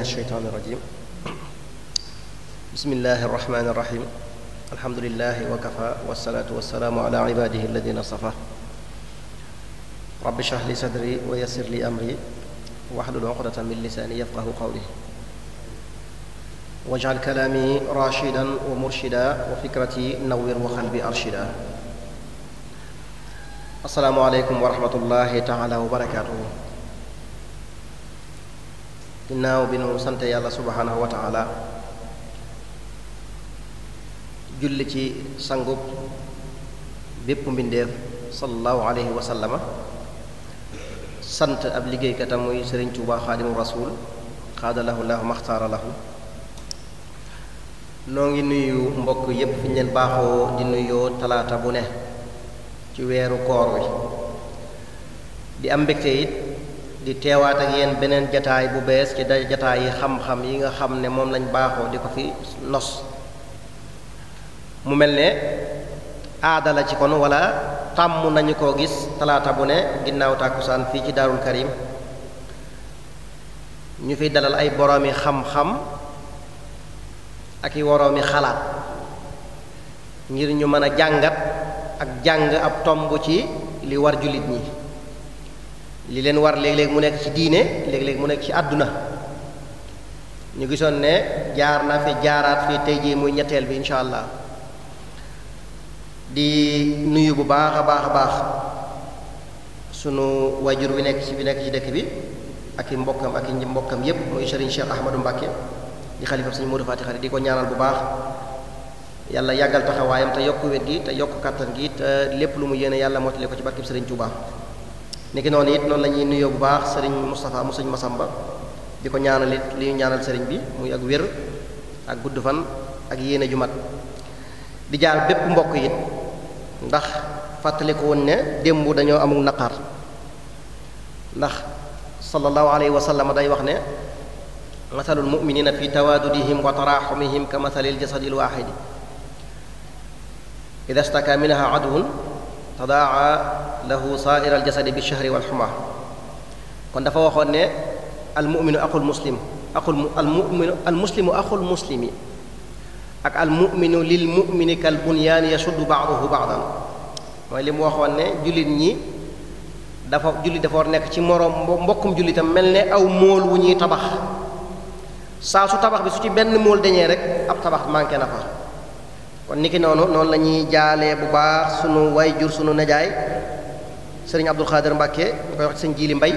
min alsheytaan irrajim bismillahi arrahmani irrahim alhamdulilahi wa kafa wasalaatu wasalaamu ala ibaadihi alladina safa rabbi shrah li sadri wa yassir li amri wahlul uqdatan min lisaani yafqahu qawli wajal kalaami rashidan wa murshida wa fikrati nawwir wa qalbi arshida assalaamu aleykum wa rahmatullahi taala wa barakaatuhu ginnaaw bi nu sant yàlla subhaanahu wa taala julli ci sangub bépp mbindeef sallallahu alayhi wa sant ab liggéeykatam muy sëriñ Tuubaa xaadimu rasuul xaadalahu lahu maxtaara noo ngi nuyu mbokk yépp fi ñu leen baaxoo di nuyoo talaata bu ne ci weeru koor wi di am mbégte it di teewaat ak yéen beneen jataay bu bees ci day jataay yi xam-xam yi nga xam ne moom lañ baaxoo di ko fi nos mu mel ne aadala ci kon wala tàmm nañu ko gis talaata bu ne ginnaaw tàkkusaan fii ci daarul karim ñu fiy dalal ay boroomi xam-xam ak i woroomi xalaat ngir ñu mën a jàngat ak jàng ab tomb ci li war jullit ñi li leen war léeg-léeg mu nekk ci diine léeg-léeg mu nekk ci àdduna ñu gisoon ne jaar naa fi jaaraat fi tey jii muy ñetteel bi incha allah di nuyu bu baax a baax a baax sunu wajur bi nekk ci bi nekk ci dëkk bi ak i mbokkam ak i mbokkam yépp muy Serigne Cheikh Ahmadou Mbacke di xalifa suñu Modou Fati Khari di ko ñaanal bu baax yàlla yàggal taxawaayam te yokk wér gi te yokk kàttan gi te lépp lu mu yéene yàlla mottali ko ci barkeb Serigne Touba. niki noonu it noonu lañuy ñuy nuyoo bu baax sëriñ Moustapha mu sëñ Masamba di ko ñaanal it li ñu ñaanal sëriñ bi muy ak wér ak gudd fan ak yéene ju mat di jaar bépp mbokk it ndax fàttaliku woon ne démb dañoo amul naqar ndax sallallahu alayhi wa sallam day wax ne masalul muminina fi tawaadudihim wa taraxumihim ka masalil jasadil waaxidi ida staka minha adwun tadaaca lahu saaira aljasadi bi shahri wal xuma kon dafa waxoon ne almuminu aqul muslim aqul almuminu almuslimu aqul muslimi ak almuminu lil mumini kal bunyaani yasuddu baaduhu baadan mooy li mu waxoon ne jullit ñi dafa jullit dafa war nekk ci moroom mbokkum jullitam mel ne aw mool wu ñuy tabax saa su tabax bi su ci benn mool dañee rek ab tabax manqué na kon niki noonu noonu la ñuy jaalee bu baax sunu way jur sunu najaay sëriñ Abdul Xaadir Mbàkke ñu koy wax ci sëñ Jiili Mbay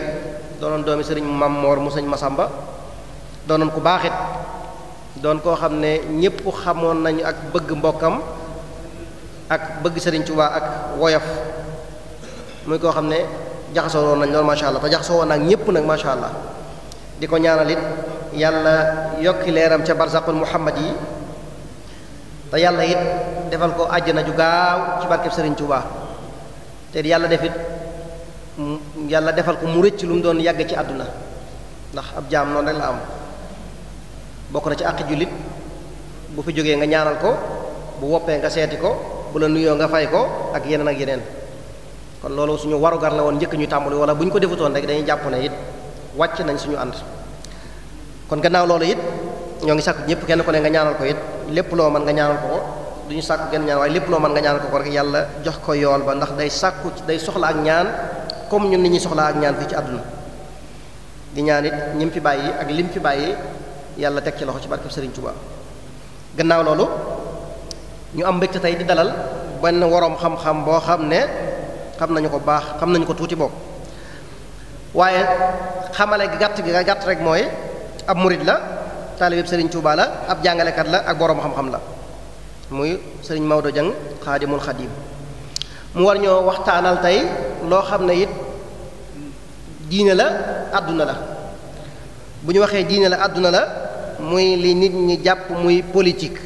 doonoon doomi sëriñ Mam Moor mu sëñ Masamba doonoon ku baaxit doon koo xam ne ñépp xamoon nañu ak bëgg mbokkam ak bëgg sëriñ woyof muy koo xam ne jaxasoo nañ loolu macha allah ak ñépp nag macha allah di ko ñaanal it yàlla yokki leeram ca barzaqul muhammad yi te yàlla it defal ko àjjana ju gaaw ci barkeb Sëriñ Tuubaa te yàlla def it yàlla defal ko mu rëcc lu mu doon yàgg ci àdduna ndax ab jaam noonu rek la am bokk na ci àq jullit bu fi jógee nga ñaanal ko bu woppee nga seeti ko bu la nuyoo nga fay ko ak yeneen ak yeneen kon loolu suñu warugar la woon njëkk ñu tàmbali wala bu ñu ko defutoon rek dañuy jàpp ne it wàcc nañ suñu ànd kon gannaaw loolu it ñoo ngi sàkku ñëpp kenn ku ne nga ñaanal ko it lépp loo mën nga ñaanal ko ko du ñu sàkku kenn ñaan waaye lépp loo mën nga ñaanal ko ko rek yàlla jox ko yool ba ndax day sàkku day soxla ak ñaan comme ñun nit ñi soxla ak ñaan fii ci àdduna di ñaan it ñi fi bàyyi ak lim fi bàyyi yàlla teg ci loxo ci barkeb Sëriñ Tuubaa gannaaw loolu ñu am mbégte tey di dalal benn woroom xam-xam boo xam ne xam nañu ko baax xam nañu ko tuuti bokk waaye xamale gàtt gi nga gàtt rek mooy ab murit la taalibeb sëriñ Tuuba la ab jàngalekat la ak boroom xam-xam la muy sëriñ Maodo Dieng xaadimul xadim mu war ñoo waxtaanal tey loo xam ne it diine la àdduna la bu ñu waxee diine la àdduna la muy li nit ñi jàpp muy politique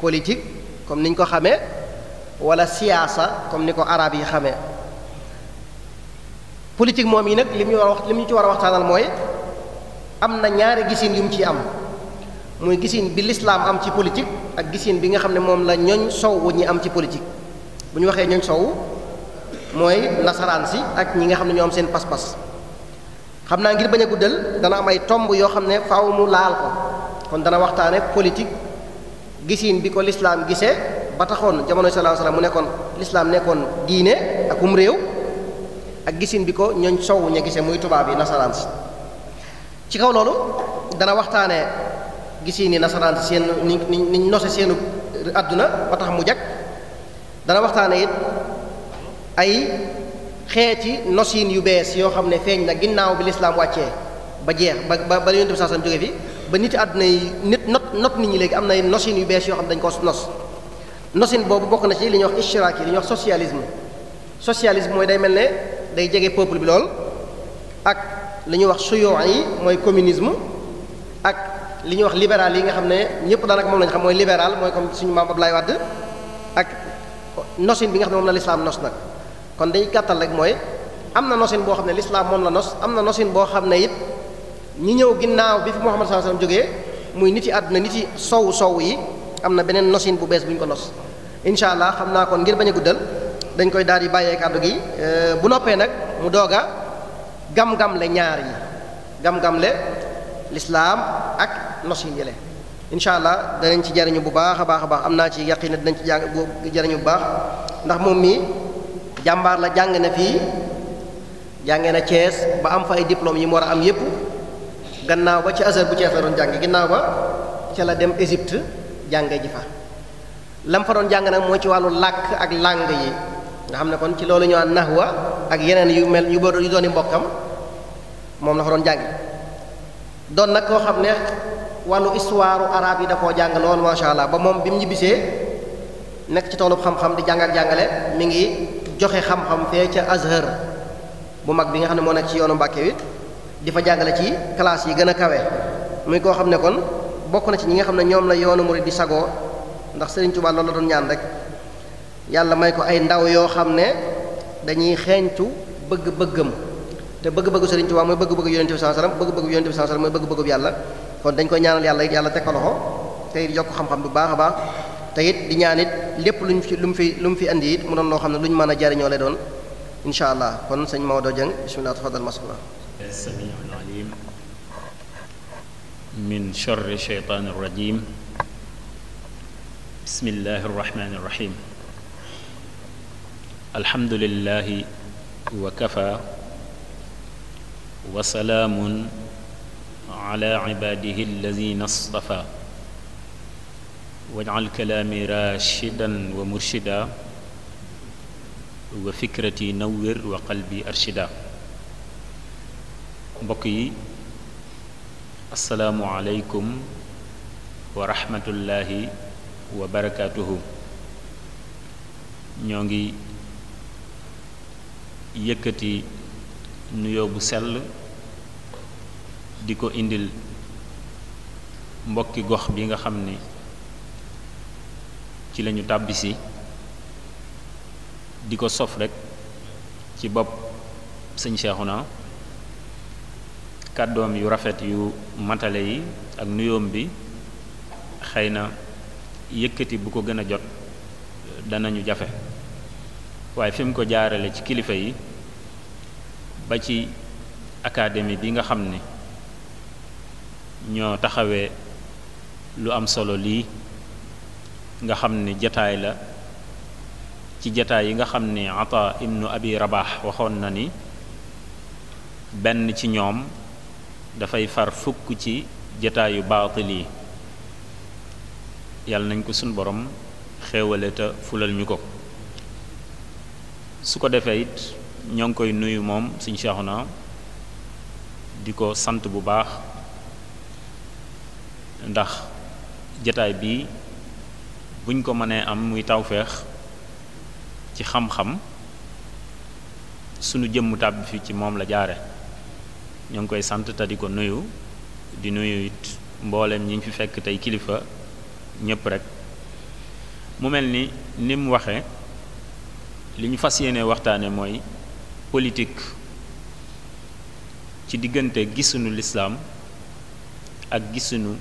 politique comme niñ ko xamee wala siyaasa comme ni ko arab yi xame politique moom yi nag li mu ñu war a wax li mu ñu ci war a waxtaanal mooy am na ñaari gisin yu mu ciy am muy gisin bi lislaam am ci politique ak gisin bi nga xam ne moom la ñooñ sowwu ñi am ci politique bu ñu waxee ñooñ sowwu mooy nasaraan si ak ñi nga xam ne ñoom seen pas-pas xam naa ngir bañ a guddal dana am ay tomb yoo xam ne faaw mu laal ko kon dana waxtaane politique gisin bi ko lislaam gisee ba taxoon jamono sallallahu alayhi mu nekkoon lislaam nekkoon diine akum réew ak gisin bi ko ñooñ sowwu ña gisee muy tubaab yi nasaraan si ci kaw loolu dana waxtaanee gisi ni nasaraan seen ni ni nose seenu àdduna ba tax mu jag dana waxtaanee it ay xeeti nosin yu bees yoo xam ne feeñ na ginnaaw bi lislaam wàccee ba jeex ba ba ba yonent bi saa sam jóge fi ba nit àdduna yi nit not not nit ñi léegi am na nosin yu bees yoo xam ne dañ ko nos nosin boobu bokk na ci li ñuy wax ishtiraaki li ñuy wax socialisme socialisme mooy day mel ne day jege peuple bi lool ak li ñuy wax suyoo yi mooy communisme ak li ñuy wax libéral yi nga xam ne ñëpp daanaka moom lañu xam mooy libéral mooy comme suñu maam Abdoulaye Wade ak nosin bi nga xam ne moom la lislaam nos nag kon dañuy gàttal rek mooy am na nosin boo xam ne lislaam moom la nos am na nosin boo xam ne it ñi ñëw ginnaaw bi fi Muhammad sallallahu alayhi jógee muy nit yi àdduna nit yi sow sow yi am na beneen nosin bu bees bu ñu ko nos incha allah xam naa kon ngir bañ a guddal dañ koy daal di bàyyee kàddu gi euh, bu noppee nag mu dooga gam-gamle ñaar yi gam-gamle lislaam ak nos yi yële incha allah danañ ci jariñu bu baax a baax a baax am naa ci yaqin dinañ ci jàng jariñu bu baax ndax moom mii jàmbaar la jàng na fii jàngee na Thiès ba am fa ay diplôme yi mu war a am yépp gannaaw ba ci Azhar bu Thiès la doon jànge gannaaw ba ca la dem Égypte jànge ji fa lam fa doon jàng nag mooy ci wàllu làkk ak làng yi nga xam ne kon ci loolu ñoo nahwa ak yeneen yu mel yu yu dooni mbokkam moom la ko doon jàngi doon nag koo xam ne wàllu histoire arabe yi da koo macha allah ba moom bi mu ñibbisee nekk ci toolub xam di jàng jàngale mi ngi joxe xam-xam fee ca Azhar bu mag bi nga xam ne moo nekk ci yoonu Mbàkke wi di fa jàngale ci classe yi gën a kawe muy koo xam ne kon bokk na ci ñi nga xam ne ñoom la yoonu murid di sagoo ndax Sëriñ Tuubaa loolu la doon ñaan rek yàlla may ko ay ndaw yoo xam ne dañuy xeeñtu bëgg-bëggam te bëgg-bëggu Sëriñ Tuubaa mooy bëgg-bëggu yonent bi sallallahu alayhi wasallam bëgg-bëggu yonent bi sallallahu alayhi bëgg-bëggu yàlla kon dañ koy ñaanal yàlla it yàlla teg ko loxo te it yokk xam-xam bu baax a baax te it di ñaan it lépp lu ñu lu mu fi lu mu fi andi it mu doon loo xam ne lu ñu mën a jariñoo lay doon incha allah kon sëñ Maodo Dieng bismillah tafadal masula samiul alim min sharri shaytaani rajim bismillahi rahmaani rahim alhamdulillahi wa kafa wa salaamun ala ibaadihi allazina stafa wajal kalaami rashidan wa murshida wa fikrati nawwir wa qalbi arshida mbokk yi asalaamu aleykum wa rahmatullahi wa barakaatuhu ñoo ngi yëkkati nuyoo bu sell di ko indil mbokki gox bi nga xam ni ci lañu tàbbisi di ko sof rekk ci bopp sëñ Seexuna kàddoom yu rafet yu matale yi ak nuyoom bi xëy na yëkkati bu ko gën a jot danañu jafe waaye fi mu ko jaarale ci kilifa yi ba ci académie bi nga xam ne ñoo taxawee lu am solo lii nga xam ni jataay la ci jataay yi nga xam ne ata ibnu abi rabax waxoon na ni benn ci ñoom dafay far fukk ci jataayu baatil yi yàlla nañ ko sunu borom xéewale te fulal ñu ko su ko defee it ñoo ngi koy nuyu moom suñ naa di ko sant bu baax ndax jataay bii buñ ko mënee am muy tawféex ci xam-xam sunu jëmm tàbbi fi ci moom la jaare ñoo ngi koy sant te di ko nuyu di nuyu it mboolem ñi fi fekk tey kilifa ñépp rekk mu mel ni ni mu waxee li ñu fas yéene waxtaane mooy politik ci diggante gisuñu lislaam ak gisuñu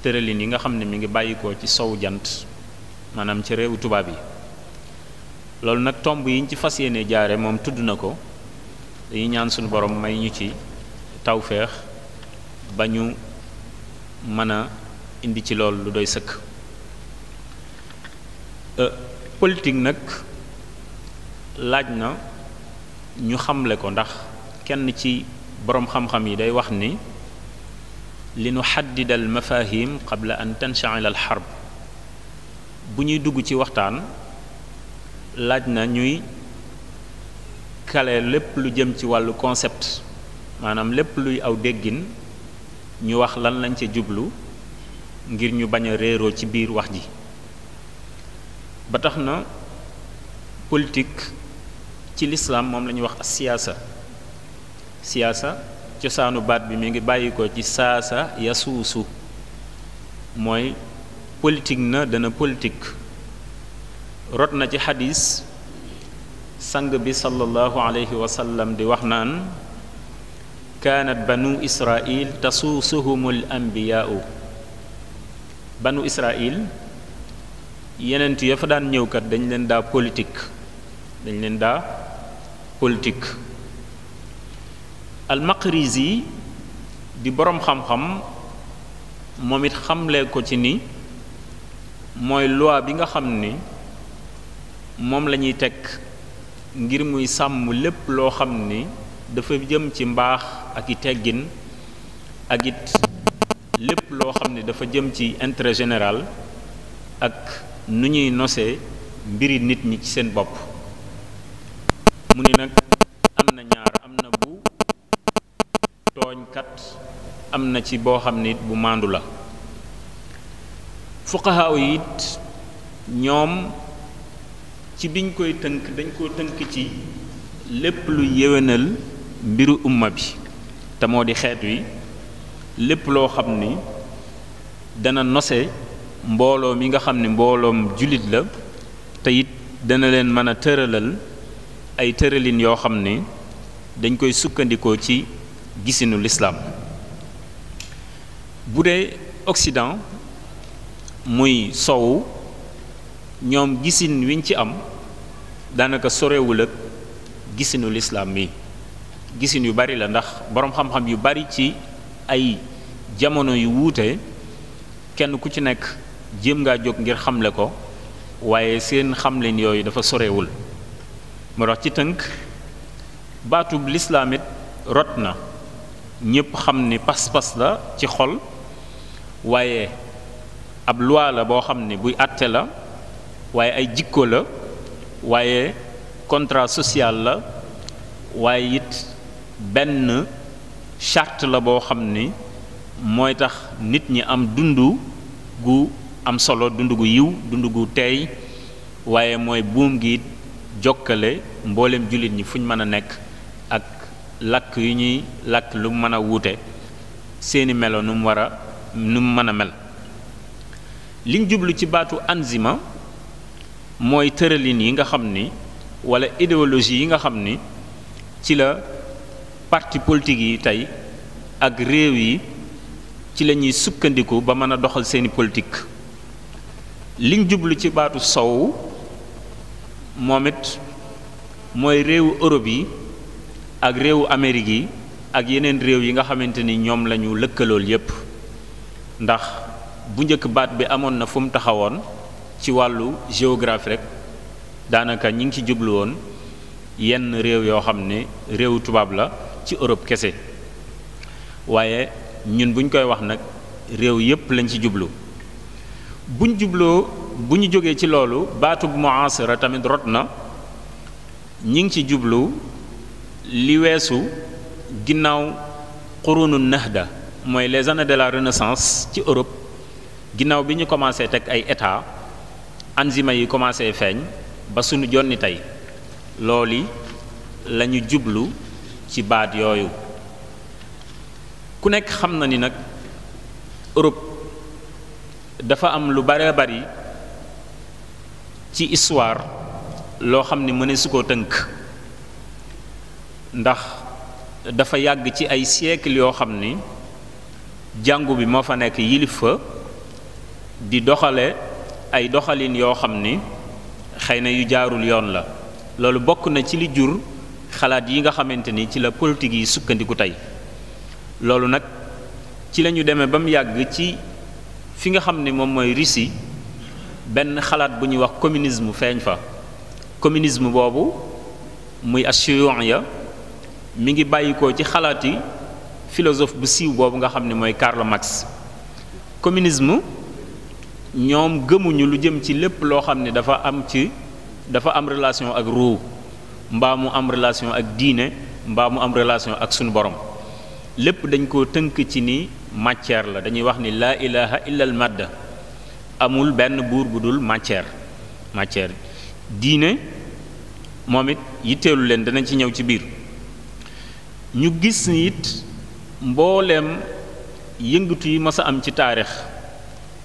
tëralin yi nga xam ne mi ngi bàyyikoo ci sowu jant maanaam ci réewu tubaab yi loolu nag tomb yi ñu ci fas yéene jaare moom tudd na ko dañuy ñaan suñu borom may ñu ci tawféex ba ñu mën a indi ci loolu lu doy sëkk euh, politique nag laaj na ñu xamle ko ndax kenn ci boroom xam-xam yi day wax ni li nu xaddida al mafahim qabla an tanshaila al xarb bu ñuy dugg ci waxtaan laaj na ñuy kale lépp lu jëm ci wàllu concept maanaam lépp luy aw déggin ñu wax lan lañ ca jublu ngir ñu bañ a réeroo ci biir wax ji ba tax na politik ci lislaam moom la ñuy wax siyaasa siyaasa cosaanu baat bi mi ngi bàyyi ko ci saasa yasuusu mooy politik na dana politik rot na ci xadiis sang bi sallallahu alayhi wa di wax naan kaanat banu israil tasuusuhumul anbiyaau banu israil yenent ya fa daan ñëwkat dañ leen daa politique dañ leen daa politique al-Maqrizi di boroom xam-xam moom it xamle ko ci ni mooy loi bi nga xam ni moom la ñuy teg ngir muy sàmm lépp loo xam ni dafa jëm ci mbaax ak i teggin ak it lépp loo xam ni dafa jëm ci intérêt général ak nu ñuy nosee mbiri nit ñi ci seen bopp mu ni nag am na ñaar am na bu tooñkat am na ci boo xam ne bu maandu la fuqahaa yi it ñoom ci biñ koy tënk dañ koo tënk ci lépp lu yéwénal mbiru umma bi te moo di xeet wi lépp loo xam ni dana nose mbooloo mi nga xam ni mbooloom jullit la te it dana leen mën a tëralal ay tëralin yoo xam ni dañ koy sukkandikoo ci gisinu lislaam bu dee Occident muy sowu ñoom gisin wiñ ci am daanaka sorewul ak gisinu lislaam mi gisin yu bari la ndax boroom xam-xam yu bari ci ay jamono yu wuute kenn ku ci nekk jéem ngaa jóg ngir xamle ko waaye seen xam leen yooyu dafa sorewul moo ci tënk baatu lislaam it rot na ñépp xam ni pas-pas la ci xol waaye ab loi la boo xam ni buy àtte la waaye ay jikko la waaye contrat social la waaye it benn charte la boo xam ni mooy tax nit ñi am dundu gu am solo dund gu yiw dund gu teey waaye mooy buum gi jokkale mboolem jullit ñi fu ñu mën a nekk ak làkk yu ñuy làkk lu mën a wuute seeni melo nu mu war a nu mu mën a mel liñ jublu ci baatu anzima mooy tëralin yi nga xam ni wala idéologie yi nga xam ni ci la parti politique yi tey ak réew yi ci la ñuy sukkandiku ba mën a doxal seeni politique liñ jublu ci baatu sow moom it mooy réewu Europe yi ak réewu Amérique yi ak yeneen réew yi nga xamante ni ñoom lañu ñu lëkkalool yépp ndax bu njëkk baat bi amoon na fu mu taxawoon ci wàllu géographie rek daanaka ñi ngi ci jublu woon yenn réew yoo xam ne réewu tubaab la ci Europe kese waaye ñun bu ñu koy wax nag réew yépp lañ ci jublu buñ jubloo bu ñu jógee ci loolu baatu bu baatub muasira tamit rot na ñi ngi ci jublu li weesu ginnaaw qurunu nahda mooy les années de la renaissance ci Europe ginnaaw bi ñu commencé teg ay état anzima yi commencé feeñ ba sunu jonni tey loolu la ñu jublu ci baat yooyu ku nekk xam na ni nag Europe dafa am lu bare bari ci histoire loo xam ni mëne su koo tënk ndax dafa yàgg ci ay siècle yoo xam ni jàngu bi moo fa nekk yilif fa di doxale ay doxalin yoo xam ni xëy na yu jaarul yoon la loolu bokk na ci li jur xalaat yi nga xamante ni ci la politique yi sukkandiku tey loolu nag ci lañu demee ba mu yàgg ci fi nga xam ne moom mooy Russie benn xalaat bu ñuy wax communisme feeñ fa communisme boobu muy assurant ya mi ngi bàyyikoo ci xalaat yi philosophe bu siiw boobu nga xam ne mooy Karl Marx communisme ñoom gëmuñu lu jëm ci lépp loo xam ne dafa am ci dafa am relation ak ruuw mbaa mu am relation ak diine mbaa mu am relation ak sunu borom lépp dañ koo tënk ci ni matière la dañuy wax ni laa ilaha illa al madda amul benn buur bu dul matière matière diine moom it yitteelu leen danañ ci ñëw ci biir ñu gis ni it mbooleem yëngatu yi mas a am ci taarix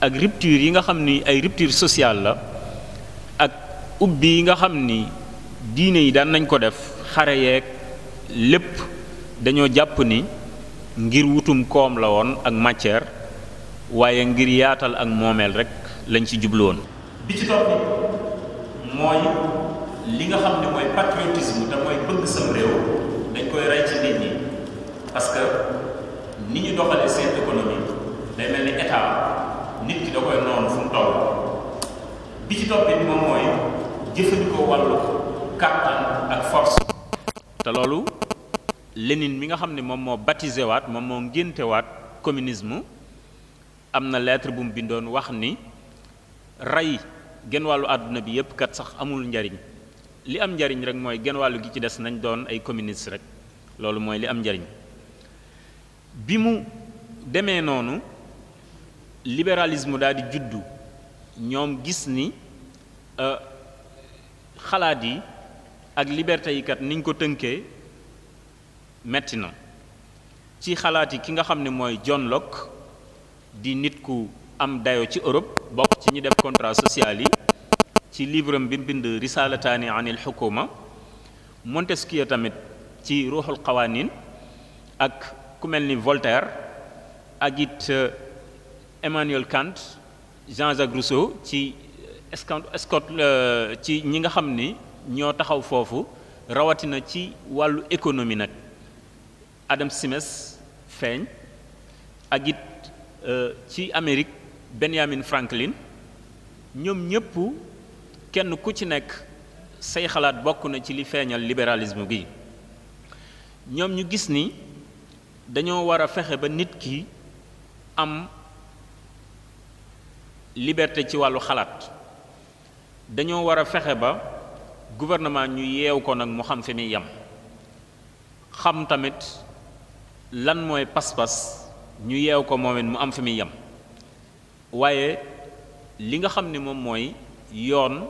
ak rupture yi nga xam ni ay rupture sociale la ak ubbi yi nga xam ni diine yi daan nañ ko def xare yeeg lépp dañoo jàpp ni ngir wutum koom la woon ak matière waaye ngir yaatal ak moomeel rekk lañ ci jublu woon bi ci topp mooy li nga xam ne mooy patriotisme te mooy bëgg sam réew dañ koy rey ci nit ñi parce ni ñu doxalee seen économie day mel ni état nit ki da koy noonu fu mu bi ci topp bi moom mooy jëfandikoo wàllu kàttan ak force te loolu Lénine bi nga xam ne moom moo baptisé waat moom moo ngénte waat communisme am na lettre bu mu bindoon wax ni rey genn wàllu àdduna bi yépp kat sax amul njariñ li am njariñ rek mooy genn wàllu gi ci des nañ doon ay communiste rek loolu mooy li am njariñ bi mu demee noonu libéralisme daal di juddu ñoom gis ni euh, xalaat yi ak liberté yi kat niñ ko tënkee metti na ci xalaat yi ki nga xam ne mooy John Locke di nit ku am dayo ci Europe bokk ci ñi def contrat social yi ci livre bi mbind risalataani anil xukuma Montesquieu tamit ci ruuxul xawaanin ak ku mel ni Voltaire ak it euh, Emmanuel Kant Jean-Jacques Rousseau ci euh, Scott euh, ci ñi nga xam ni ñoo taxaw foofu rawatina ci wàllu économie nag Adam Smith feeñ ak it euh, ci Amérique Benjamin Franklin ñoom ñëpp kenn ku ci nekk say xalaat bokk na ci li feeñal libéralisme gi ñoom ñu gis ni dañoo war a fexe ba nit ki am liberté ci wàllu xalaat dañoo war a fexe ba gouvernement ñu yeew ko nag mu xam fi muy yem xam tamit lan mooy pas-pas ñu yeew ko moom mu am fi muy yem waaye li nga xam ni moom mooy yoon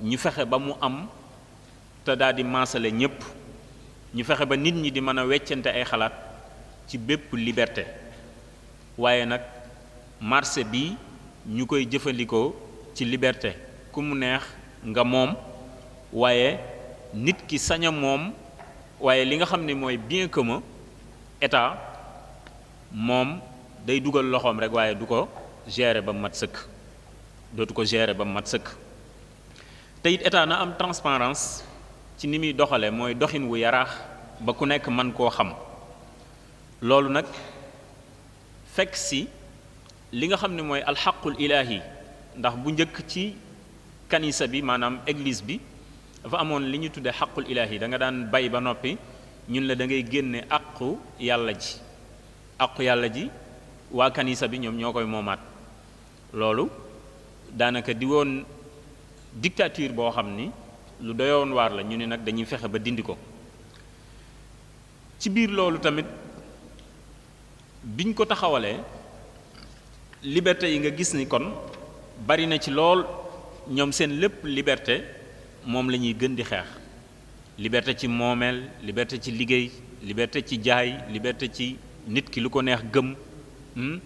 ñu fexe ba mu am te daal di maasale ñépp ñu fexe ba nit ñi di mën a weccante ay xalaat ci bépp liberté waaye nag marché bi ñu koy jëfandikoo ci liberté ku mu neex nga moom waaye nit ki saña moom waaye li nga xam ne mooy bien commun état moom day dugal loxoom rek waaye du ko gérer ba mu mat sëkk dootu ko gérer ba mu mat sëkk te it na am transparence ci ni muy doxale mooy doxin wu yaraax ba ku nekk man koo xam loolu nag fekk si li nga xam ne mooy alxaqul ilaahi ndax bu njëkk ci kanisa bi maanaam église bi dafa amoon li ñu tuddee xaqul ilaahi da nga daan bay ba noppi ñun la da ngay génne àqu yàlla ji aqu yàlla ji waa kanisa bi ñoom ñoo koy moomaat loolu daanaka di woon dictature boo xam ni lu doyoon waar la ñu ne nag dañuy fexe ba dindi ko ci biir loolu tamit biñ ko taxawalee liberté yi nga gis ni kon bari na ci lool ñoom seen lépp liberté moom la ñuy gën di xeex liberté ci moomeel liberté ci liggéey liberté ci jaay liberté ci nit ki lu ko neex gëm hmm?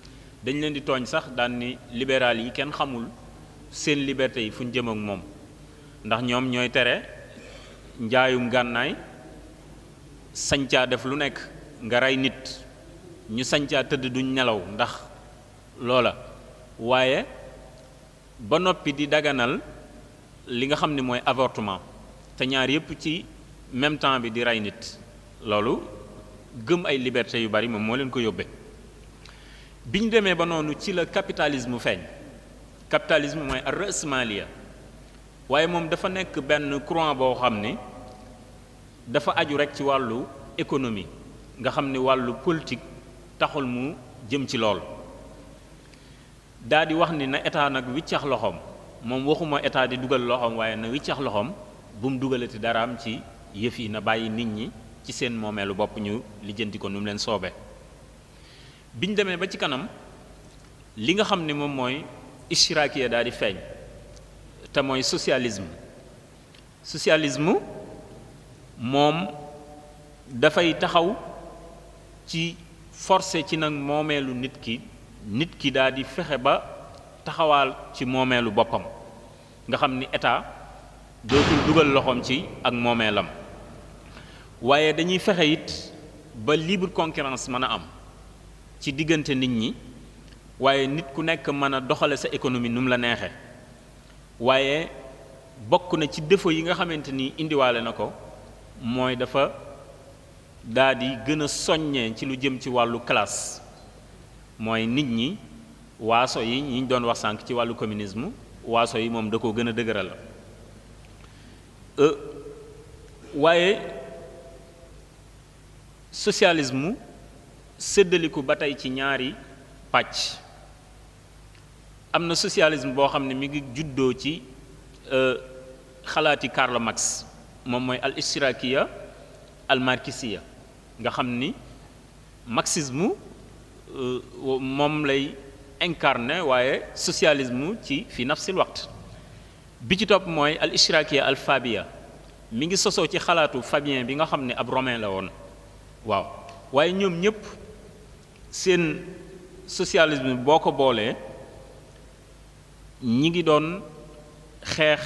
dañ leen di tooñ sax daan ni libéral yi kenn xamul seen liberté yi fu ñu moom ndax ñoom ñooy tere njaayum gànnaay sañcaa def lu nekk nga rey nit ñu sañcaa tëdd duñ nelaw ndax loola waaye ba noppi di daganal li nga xam ni mooy avortement te ñaar yépp ci même temps bi di rey nit loolu gëm ay liberté yu bari moom moo leen ko yóbbee bi ñu demee ba noonu ci la capitalisme feeñ capitalisme mooy ar-rasmaliya waaye moom dafa nekk benn courant boo xam ne dafa aju rek ci wàllu économie nga xam ni wàllu politique taxul mu jëm ci lool daa di wax ni na état nag wiccax loxoom moom waxuma état di dugal loxoom waaye na wiccax loxoom bu mu dara am ci yëf yi na bàyyi nit ñi ci seen moomeelu bopp ñu lijjanti ko nu mu leen soobee biñ demee ba ci kanam li nga xam ni moom mooy ishraakiya daal di feeñ te mooy socialisme socialisme moom dafay taxaw ci forcé ci nag moomeelu nit ki nit ki daal di fexe ba taxawaal ci moomeelu boppam nga xam ni état dootul dugal loxoom ci ak moomeelam waaye dañuy fexe it ba libre concurrence mën a am ci diggante nit ñi waaye nit ku nekk mën a doxale sa économie nu mu la neexe waaye bokk na ci défaut yi nga xamante ni indiwaale na ko mooy dafa daa di gën a soññee ci lu jëm ci wàllu classe mooy nit ñi waaso yi ñi ñu doon wax sànq ci wàllu communisme waaso yi moom da koo gën a dëgëral la euh, waaye socialisme séddaliku ba tey ci ñaari pàcc am na socialisme boo xam ne mi ngi juddoo ci euh, xalaati Karl Marx moom mooy al ishtirakiya al marxiya nga xam ni marxisme euh, moom lay incarné waaye socialisme ci fi nafsil waxt bi ci topp mooy al ishtirakiya al fabia mi ngi sosoo ci xalaatu Fabien bi nga xam ne ab romain la woon waaw waaye ñoom ñëpp seen socialisme boo ko boolee ñi ngi doon xeex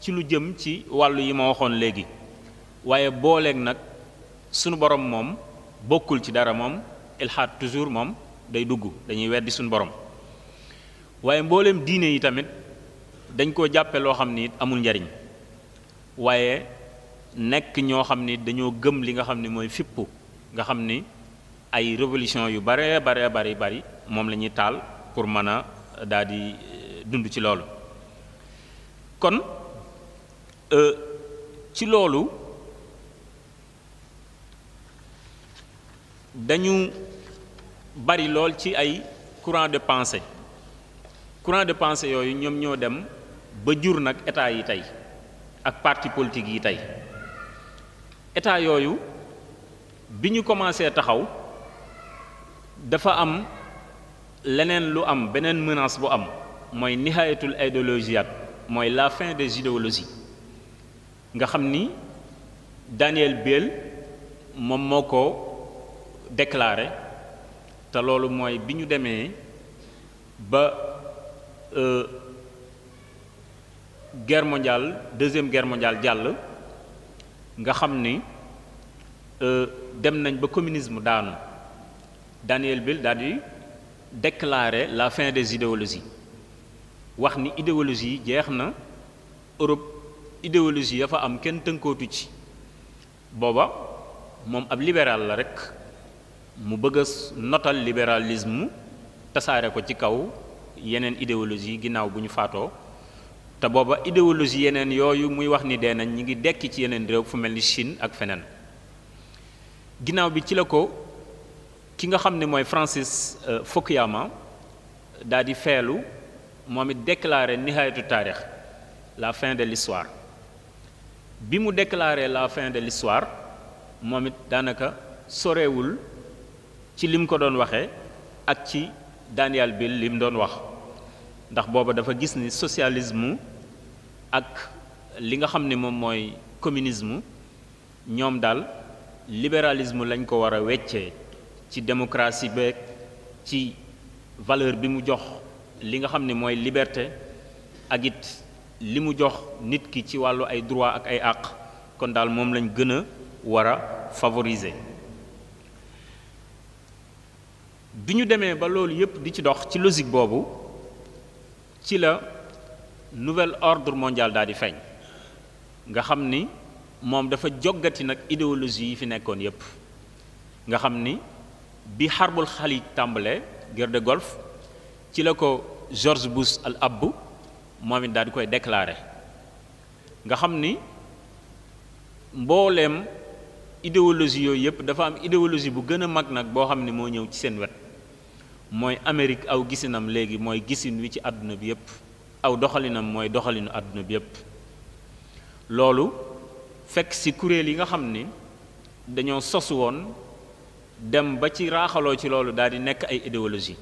ci lu jëm ci wàllu yi ma waxoon léegi waaye booleeg nag sunu boroom moom bokkul ci dara moom ilhaad toujours moom day dugg dañuy weddi sunu borom waaye mbooleem diine yi tamit dañ koo jàppe loo xam ni amul njariñ waaye nekk ñoo xam ni dañoo gëm li nga xam ni mooy fippu nga xam ni ay révolution yu bare bare bari bari moom la ñuy taal pour mën a daal di euh, dund ci loolu kon euh, ci loolu dañu bari lool ci ay courant de pensée courant de pensé yooyu ñoom ñoo dem ba jur nag état yi tey ak parti politique yi tey état yooyu bi ñu commencé taxaw dafa am leneen lu am beneen menace bu am mooy nihayatul idéologiat mooy la fin des idéologies nga xam ni danielle Biel moom moo ko déclaré te loolu mooy bi ñu demee ba euh, guerre mondiale deuxième guerre mondiale jàll nga xam ni euh, dem nañ ba communisme daanu Daniel Bill daal di déclarer la fin des idéologies wax ni idéologie jeex na Europe idéologie ya fa am kenn tënkootu ci booba moom ab libéral la rek mu bëgg a notal libéralisme tasaare ko ci kaw yeneen idéologie ginnaaw bu ñu faatoo te booba idéologie yeneen yooyu muy wax ni dee nañ ñi ngi dekki ci yeneen réew fu mel ni Chine ak feneen ginnaaw bi ci la ko ki nga xam ne mooy Francis euh, Fukuyama daal di feelu moom it déclaré nihayatu taarix la fin de l'histoire bi mu déclaré la fin de l'histoire moom it daanaka sorewul ci lim ko doon waxee ak ci Daniel Bill lim doon wax ndax booba dafa gis ni socialisme ak li nga xam ne moom mooy communisme ñoom daal libéralisme lañ ko war a weccee ci démocratie beeg ci valeur bi mu jox li nga xam ni mooy liberté ak it li mu jox nit ki ci wàllu ay droit ak ay àq kon daal moom lañ gën a war a favoriser bi ñu demee ba loolu yépp di ci dox ci logique boobu ci la nouvelle ordre mondial daal di feeñ nga xam ni moom dafa joggati nag idéologie yi fi nekkoon yépp nga xam ni bi xarbul xalij tàmbale guerre de golfe ci la ko George Bush al abbu moom it daal di koy déclaré nga xam ni mbooleem idéologie yooyu yëpp dafa am idéologie bu gën a mag nag boo xam ni moo ñëw ci seen wet mooy Amérique aw gisinam léegi mooy gisin wi ci àdduna bi yëpp aw doxalinam mooy doxalinu àdduna bi yépp loolu fekk si kuréel yi nga xam ni dañoo sosu woon dem ba ci raaxaloo ci loolu daal di nekk ay idéologie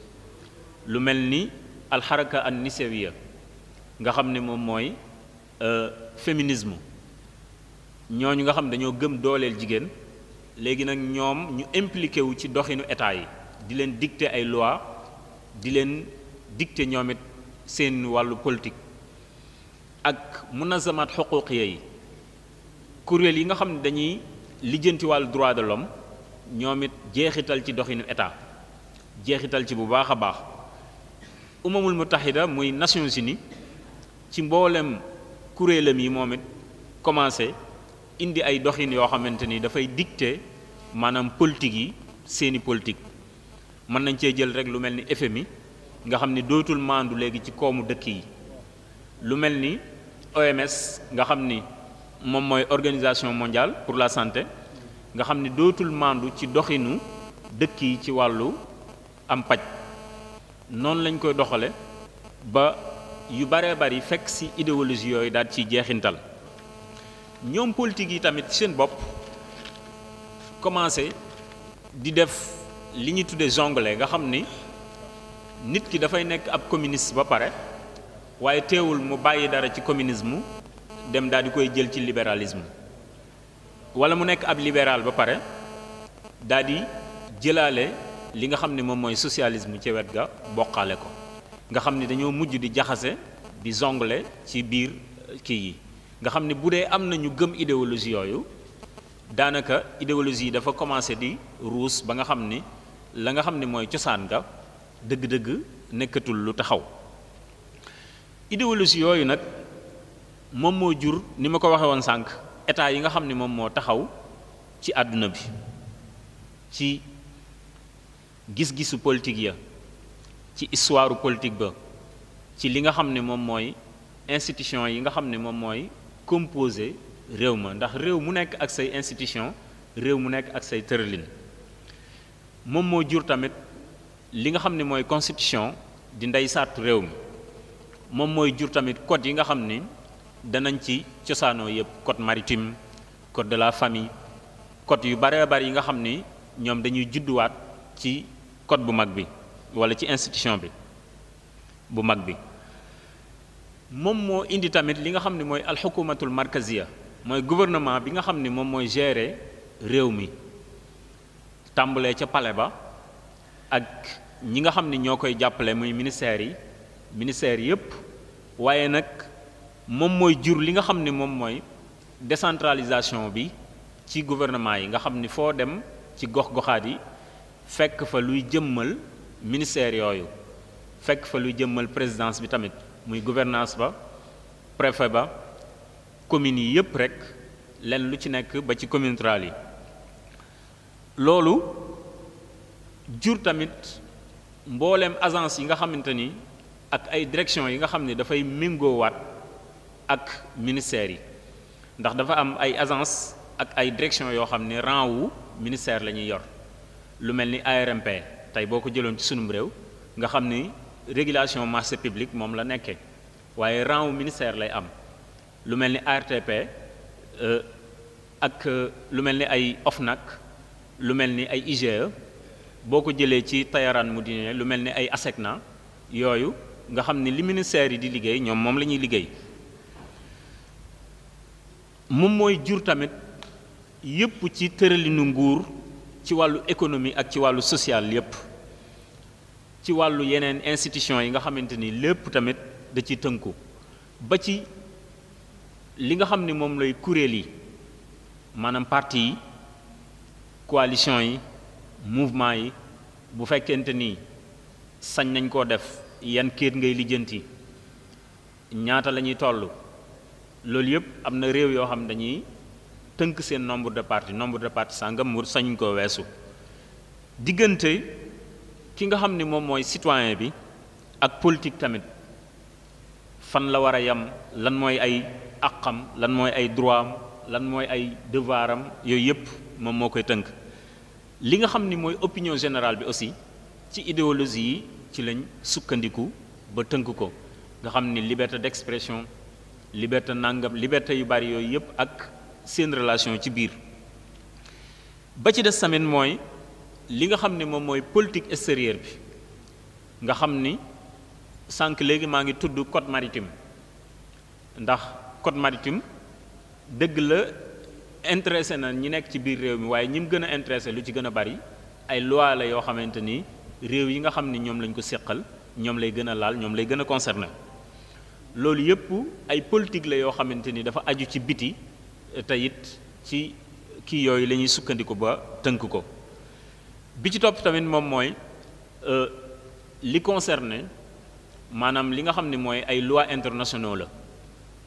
lu mel ni alxaraka an nisewiya nga xam ne moom mooy euh, féminisme ñooñu nga xam dañoo gëm dooleel jigéen léegi nag ñoom ñu impliqué wu ci doxinu état yi di leen dicter ay loi di leen dicter ñoom it seen wàllu politique ak munazamaat xuquuqiya yi kuréel yi nga xam ne dañuy lijjanti wàllu droit de l'homme ñoom it jeexital ci doxinu état jeexital ci bu baax a baax umamul mutahida muy Nations Unies ci mboolem kuréelam yi moom it commencé indi ay doxin yoo xamante ni dafay dicter maanaam politique yi seeni politique mën nañ cee jël rek lu mel ni mi nga xam ni dootul maandu léegi ci koomu dëkk yi lu mel ni OMS nga xam ni moom mooy organisation mondial pour la santé nga xam ni dootul maandu ci doxinu dëkk yi ci wàllu am paj noonu lañ koy doxale ba yu baree bari fekk si idéologie yooyu daal ciy jeexintal ñoom politique yi tamit seen bopp commencé di def li ñu tuddee jongle nga xam ni nit ki dafay nekk ab communiste ba pare waaye teewul mu bàyyi dara ci communisme dem daal di koy jël ci libéralisme wala mu nekk ab libéral ba pare daal di jëlaale li nga xam ne moom mooy socialisme ci wet ga boqaale ko nga xam ne dañoo mujj di jaxase di jongle ci biir eh, kii yi nga xam ne bu dee am na ñu gëm idéologie yooyu daanaka idéologie yi dafa commencé di ruus ba nga xam ni la nga xam ni mooy cosaan ga dëgg-dëgg nekkatul lu taxaw idéologie yooyu nag moom moo jur ni ma ko waxee woon sànq état yi nga xam ne moom moo taxaw ci àdduna bi ci gis-gisu politique ya ci histoire politique ba ci li nga xam ne moom mooy institution yi nga xam ne moom mooy composé réew ma ndax réew mu nekk ak say institution réew mu nekk ak say tëralin moom moo jur tamit li nga xam ne mooy constitution di ndey sartu réew mi moom mooy jur tamit code yi nga xam ni danañ ci cosaanoo yëpp code maritime code de la famille code yu bare bari yi nga xam ni ñoom dañuy judduwaat ci code bu mag bi walla ci institution bi bu mag bi moom moo indi tamit li nga xam ni mooy alxukumatul markaziya mooy gouvernement bi nga xam ni moom mooy gérer réew mi tàmbalee ca pale ba ak ñi nga xam ni ñoo koy jàppale muy ministère yi ministère yépp waaye nag moom mooy jur li nga xam ni moom mooy décentralisation bi ci gouvernement yi nga xam ni foo dem ci gox-goxaat yi fekk fa luy jëmmal ministère yooyu fekk fa luy jëmmal présidence bi tamit muy gouvernance ba préfet ba communes yi yépp rek lenn lu ci nekk ba ci communes rurales yi loolu jur tamit mbooleem agence yi nga xamante ni ak ay direction yi nga xam ne dafay waat ak ministères yi ndax dafa am ay agence ak ay direction yoo xam ne rang wu ministère la ñuy yor lu mel ni ARMP tey boo ko jëloon ci sunum réew nga xam ni régulation marché publique moom la nekkee waaye rang wu ministère lay am lu mel ni ARTP euh, ak euh, lu mel ni ay nag lu mel ni ay IGE boo ko jëlee ci tayaraan mu dine lu mel ni ay ASECNA yooyu nga xam ni li ministère yi di liggéey ñoom moom lañuy ñuy liggéey moom mooy jur tamit yépp ci tëralinu nguur ci wàllu économie ak ci wàllu social yépp ci wàllu yeneen institution yi nga xamante ni lépp tamit da ci tënku ba ci li nga xam ni moom lay kuréel yi maanaam parti yi coalition yi mouvement yi bu fekkente ni sañ nañ koo def yan kéet ngay lijjanti ñaata la ñuy toll loolu yëpp am na réew yoo xam dañuy tënk seen nombre de parti nombre de parti sàngam mu sañ koo weesu diggante ki nga xam ni moom mooy citoyen bi ak politique tamit fan la war a yem lan mooy ay àqam lan mooy ay droit am lan mooy ay devoir am yooyu yëpp moom moo koy tënk li nga xam ni mooy opinion générale bi aussi ci idéologie yi ci lañ sukkandiku ba tënk ko nga xam ni liberté d'expression liberté nangam liberté yu bari yooyu yëpp ak seen relation ci biir ba ci des tamit mooy li nga xam ni moom mooy politique extérieure bi nga xam ni sànq léegi maa ngi tudd code maritime ndax code maritime dëgg la intéressé na ñi nekk ci biir réew mi waaye ñi mu gën a intéressé lu ci gën a bari ay loi la yoo xamante ni réew yi nga xam ni ñoom lañ ko séqal ñoom lay gën a laal ñoom lay gën a concerné loolu yëpp ay politique la yoo xamante ni dafa aju ci biti te it ci kii yooyu lañuy sukkandiku ba tënk ko bi ci topp tamit moom mooy euh, li concerné maanaam li nga xam ni mooy ay loi internationaux la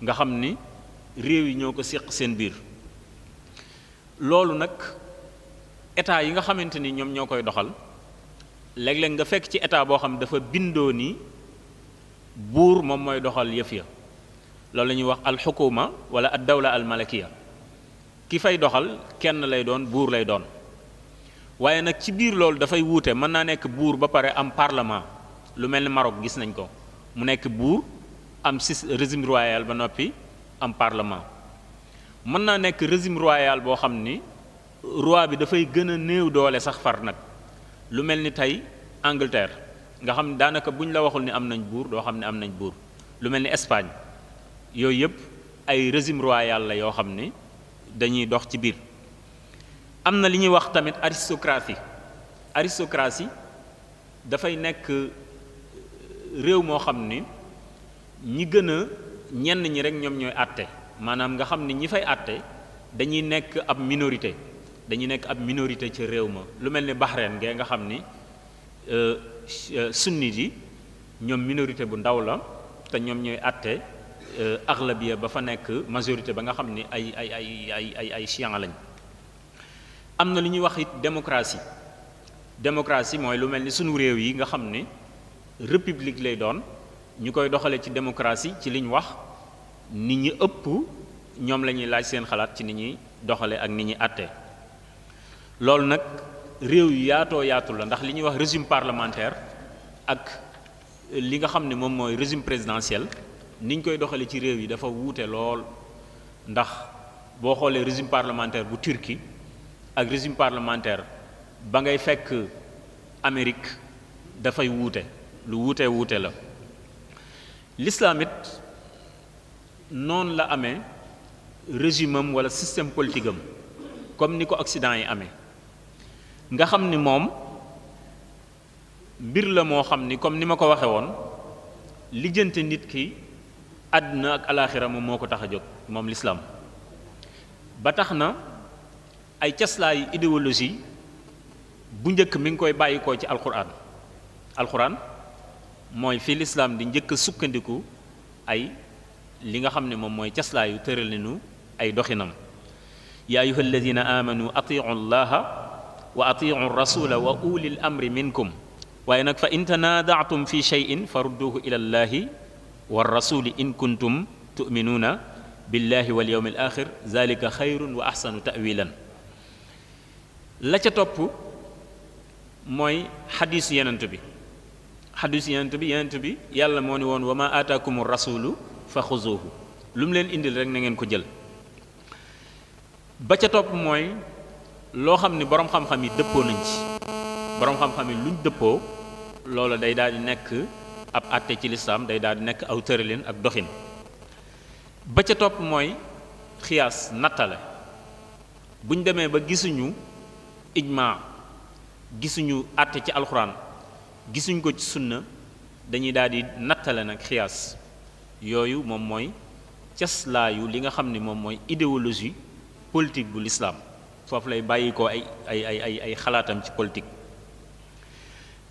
nga xam ni réew yi ñoo ko séq seen biir loolu nag état yi nga xamante ni ñoom ñoo koy doxal léeg-léeg nga fekk ci état boo xam dafa bindoo ni buur moom mooy doxal yëf ya loolu lañuy ñuy wax alxukuma wala ad dawla al ki fay doxal kenn lay doon buur lay doon waaye nag ci biir loolu dafay wuute mën naa nekk buur ba pare am parlement lu mel ni Maroc gis nañ ko mu nekk buur am si régime royal ba noppi am parlement mën naa nekk régime royal boo xam ni roi bi dafay gën a néew doole sax far nag lu mel ni tey Angleterre nga xam daanaka buñ la waxul ni am nañ buur doo xam ne am nañ buur lu mel ni Espagne yooyu yëpp ay régime royal la yoo xam ni dañuy dox ci biir am na li ñuy wax tamit aristocratie aristocratie dafay nekk euh, réew moo xam ni ñi gën a ñenn ñi rek ñoom ñooy àtte maanaam nga xam ne ñi fay àtte dañuy nekk ab minorité dañuy nekk ab minorité ci réew ma lu mel ni Bahreïn gee nga xam ni euh, euh, sunnit yi ñoom minorité bu ndaw la te ñoom ñooy àtte euh, aglabiya ba fa nekk majorité ba nga xam ni ay ay ay ay ay ay chian lañ am na lu ñuy wax it démocratie démocratie mooy lu mel ni sunu réew yi nga xam ni république lay doon ñu koy doxalee ci démocratie ci li ñu wax nit ñi ëpp ñoom la ñuy laaj seen xalaat ci ni ñuy doxale ak ni ñuy àtte loolu nag réew yu yaatoo yaatu la ndax li ñuy wax régime parlementaire ak li nga xam ne moom mooy régime présidentiel ni ñu koy doxale ci réew yi dafa wuute lool ndax boo xoolee résime parlementaire bu Turquie ak régime parlementaire ba ngay fekk Amérique dafay wuute lu wuute wuute la noonu la amee régime am wala système politique comme ni ko accident yi amee nga xam ni moom mbir la moo xam ni comme ni ma ko waxee woon lijjante nit ki àdduna ak alaaxira moom moo ko tax a jóg moom lislaam ba tax na ay caslaayu idéologie bu njëkk mi ngi koy bàyyikoo ci alxuraan alxuraan mooy fi lislaam di njëkk a sukkandiku ay li nga xam ne moom mooy caslaayu tëral nañu ay doxinam yaa ayuha alladina amanu atiu llaha wa atiu rasula wa ulil amri minkum waaye nag fa in tanaadatum fi cheyin fa rudduhu ila in kuntum tuminuuna billahi wal yawmi al axir wa axsanu tawilan la ca topp mooy xadisu yenent bi xadisu yenent bi yenent bi yàlla moo woon wa ma aataakumu rasulu fa xuzuuhu lu mu leen indil rek na ngeen ko jël ba ca topp mooy loo xam ni boroom xam-xam yi dëppoo nañ ci boroom xam-xam yi luñ dëppoo loola day daal di nekk ab àtte ci listaam day daal di nekk aw tëralin ak doxin ba ca topp mooy xiyaas nattale buñ demee ba gisuñu ijmaa gisuñu àtte ci alxuraan gisuñ ko ci sunna dañuy daal di nattale nag xiyaas yooyu moom mooy ceslaayu li nga xam ni moom mooy idéologie politique bu lislaam foofu lay bàyyi ko ay ay ay xalaatam ci politik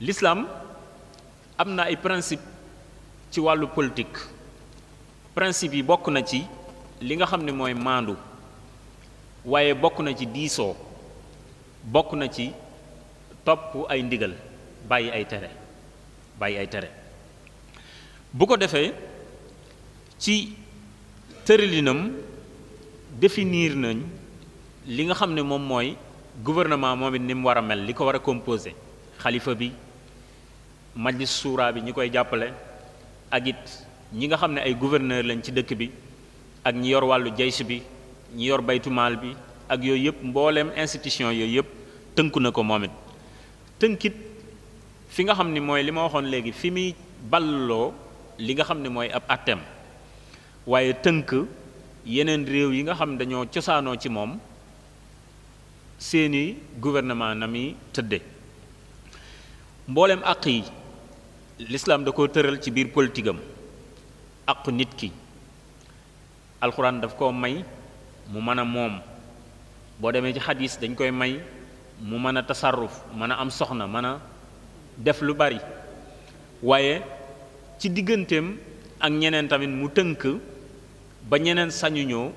lislaam am na ay principe ci wàllu politik principe yi bokk na ci li nga xam ni mooy maandu waaye bokk na ci diisoo bokk na ci topp ay ndigal bàyyi ay tere bàyyi ay tere bu ko defee ci tëralinam définir nañ li nga xam ne moom mooy gouvernement moom it ni mu war a mel li ko war a composé xalifa bi majlis suura bi ñi koy jàppale ak it ñi nga xam ne ay gouverneur lañ ci dëkk bi ak ñi yor wàllu jaysh bi ñi yor baytumaal bi ak yooyu yëpp mbooleem institution yooyu yëpp tënku na ko moom it tënkit fi nga xam ni mooy li ma waxoon léegi fi muy balloo li nga xam ne mooy ab atteem waaye tënk yeneen réew yi nga xam ne dañoo cosaanoo ci moom seeni gouvernement na mi tëdde mbooleem àq yi lislaam da ko tëral ci biir politikam am nit ki alxuraan daf koo may mu mën a moom boo demee ci xadis dañ koy may mu mën a tasarruf mën a am soxna mën a def lu bari waaye ci digganteem ak ñeneen tamit mu tënk ba ñeneen sañu ñoo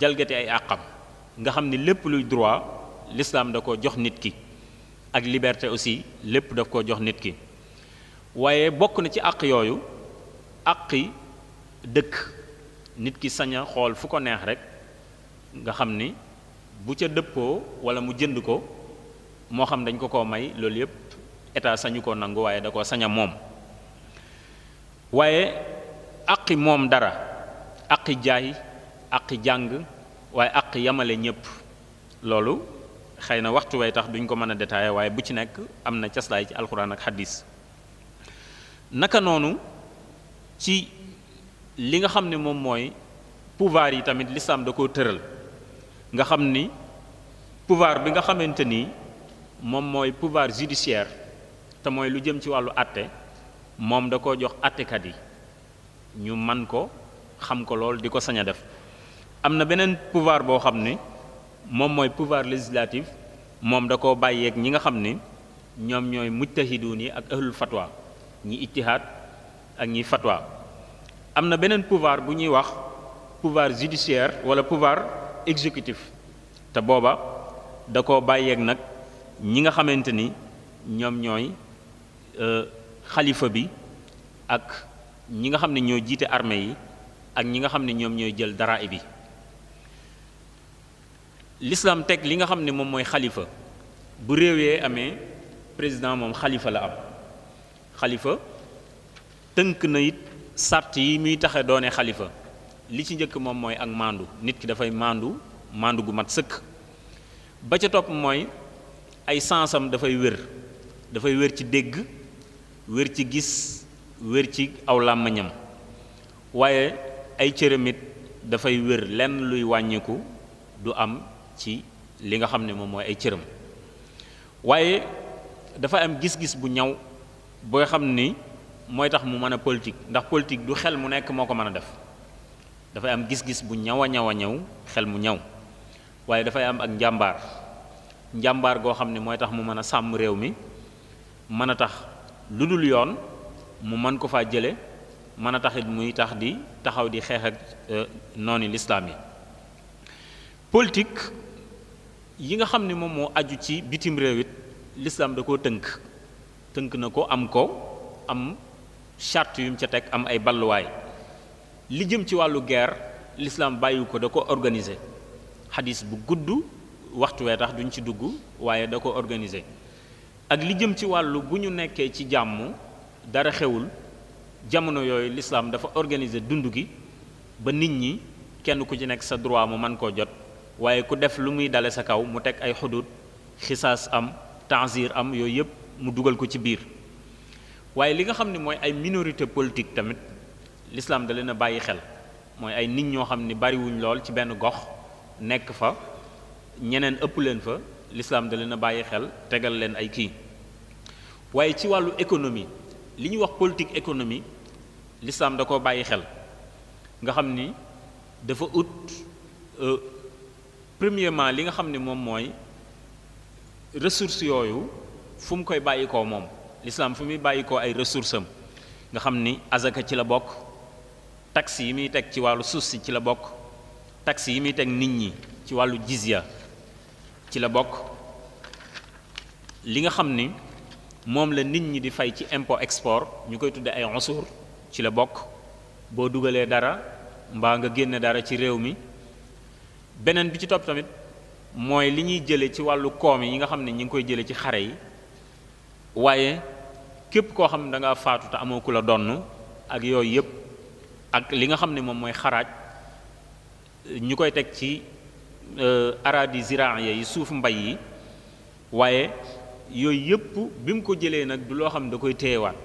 jalgati ay àqam nga xam ni lépp luy droit l'islam da ko jox nit ki ak liberté aussi lépp daf ko jox nit ki waaye bokk na ci àq yooyu àqi dëkk nit ki sañ a xool fu ko neex rek nga xam ni bu ca dëppoo wala mu jënd ko moo xam dañ ko ko may loolu yépp état sañu ko nangu waaye da ko saña moom waaye àqi moom dara aqi jaay aqi jàng waaye aqi yamale ñépp loolu xëy na waxtu way tax duñ ko mën a détaillé waaye bu ci nekk am na caslaay ci alxuraan ak xadis naka noonu ci li nga xam ne moom mooy pouvoir yi tamit l'islam da ko tëral nga xam ni pouvoir bi nga xamante ni moom mooy pouvoir judiciaire te mooy lu jëm ci wàllu àtte moom da ko jox àttekat yi ñu man ko xam ko lool di ko sañ a def am na beneen pouvoir boo xam ne moom mooy pouvoir législatif moom da koo bàyyeek ñi nga xam ni ñoom ñooy mujtahiduun yi ak ahlul fatwa ñi ittihaad ak ñi fatwa am na beneen pouvoir bu ñuy wax pouvoir judiciaire wala pouvoir exécutif te booba da ko bàyyeek nag ñi nga xamante ni ñoom ñooy euh, xalifa bi ak ñi nga xam ne ñoo jiite armée yi ak ñi nga xam ne ñoom ñooy jël dara ebi l'islam teg li nga xam ne moom mooy xalifa bu réewee amee président moom xalifa la am xalifa tënk na it sart yi muy taxe doone xalifa li ci njëkk moom mooy ak maandu nit ki dafay maandu maandu gu mat sëkk ba ca topp mooy ay sansam dafay wér dafay wér ci dégg wér ci gis wér ci aw làmmiñam waaye ay cëramit dafay wér lenn luy wàññiku du am ci li nga xam ne moom mooy ay cëram waaye dafa am gis-gis bu ñaw booy xam ni mooy tax mu mën a politique ndax politique du xel mu nekk moo ko mën a def dafay am gis-gis bu ñaw a ñaw a ñaw xel mu ñaw waaye dafay am ak njàmbaar njàmbaar goo xam ne mooy tax mu mën a sàmm réew mi mën a tax lu dul yoon mu mën ko faa jële mën a taxit muy tax di taxaw di xeex ak euh, nooni lislaam yi politik yi nga xam ne moom moo aju ci bitim réew it lislaam da ko tënk tënk na ko am ko am charte yum ca teg am ay balluwaay li jëm ci wàllu ger lislaam bàyyiwu ko da ko organiser xadis bu gudd waxtu wee tax duñ ci dugg waaye da ko organiser ak li jëm ci wàllu bu ñu nekkee ci jàmm dara xewul jamono yooyu lislaam dafa organiser dund gi ba nit ñi kenn ku ci nekk sa droit mu man koo jot waaye ku def lu muy dale sa kaw mu teg ay xudud xisaas am tanzir am yooyu yëpp mu dugal ko ci biir waaye li nga xam ni mooy ay minorité politique tamit lislaam da leen a bàyyi xel mooy ay nit ñoo xam ne bariwuñ lool ci benn gox nekk fa ñeneen ëpp leen fa lislaam da leen a bàyyi xel tegal leen ay kii waaye ci wàllu économie li ñuy wax politique économie l'islam da koo bàyyi xel nga xam ni dafa ut euh, premièrement li nga xam ni moom mooy ressources yooyu fu mu koy bàyyi koo moom l'islam fu muy bàyyi koo ay ressources am nga xam ni azaka ci la bokk taxes yi muy teg ci wàllu suuf si ci la bokk taxes yi muy teg nit ñi ci wàllu jizya ci la bokk li nga xam ni moom la nit ñi di fay ci impôt export ñu koy tudde ay onsuur ci la bokk boo dugalee dara mbaa nga génne dara ci réew mi beneen bi ci topp tamit mooy li ñuy jële ci wàllu koom yi nga xam ne ñu ngi koy jële ci xare yi waaye képp koo xam ne da ngaa faatu te amoo ku la donn ak yooyu yëpp ak li nga xam ne moom mooy xaraaj ñu koy teg ci euh, araadi ziraaye yi suuf mbay yi waaye yooyu yëpp bi mu ko jëlee nag du loo xam ne da koy téyewaat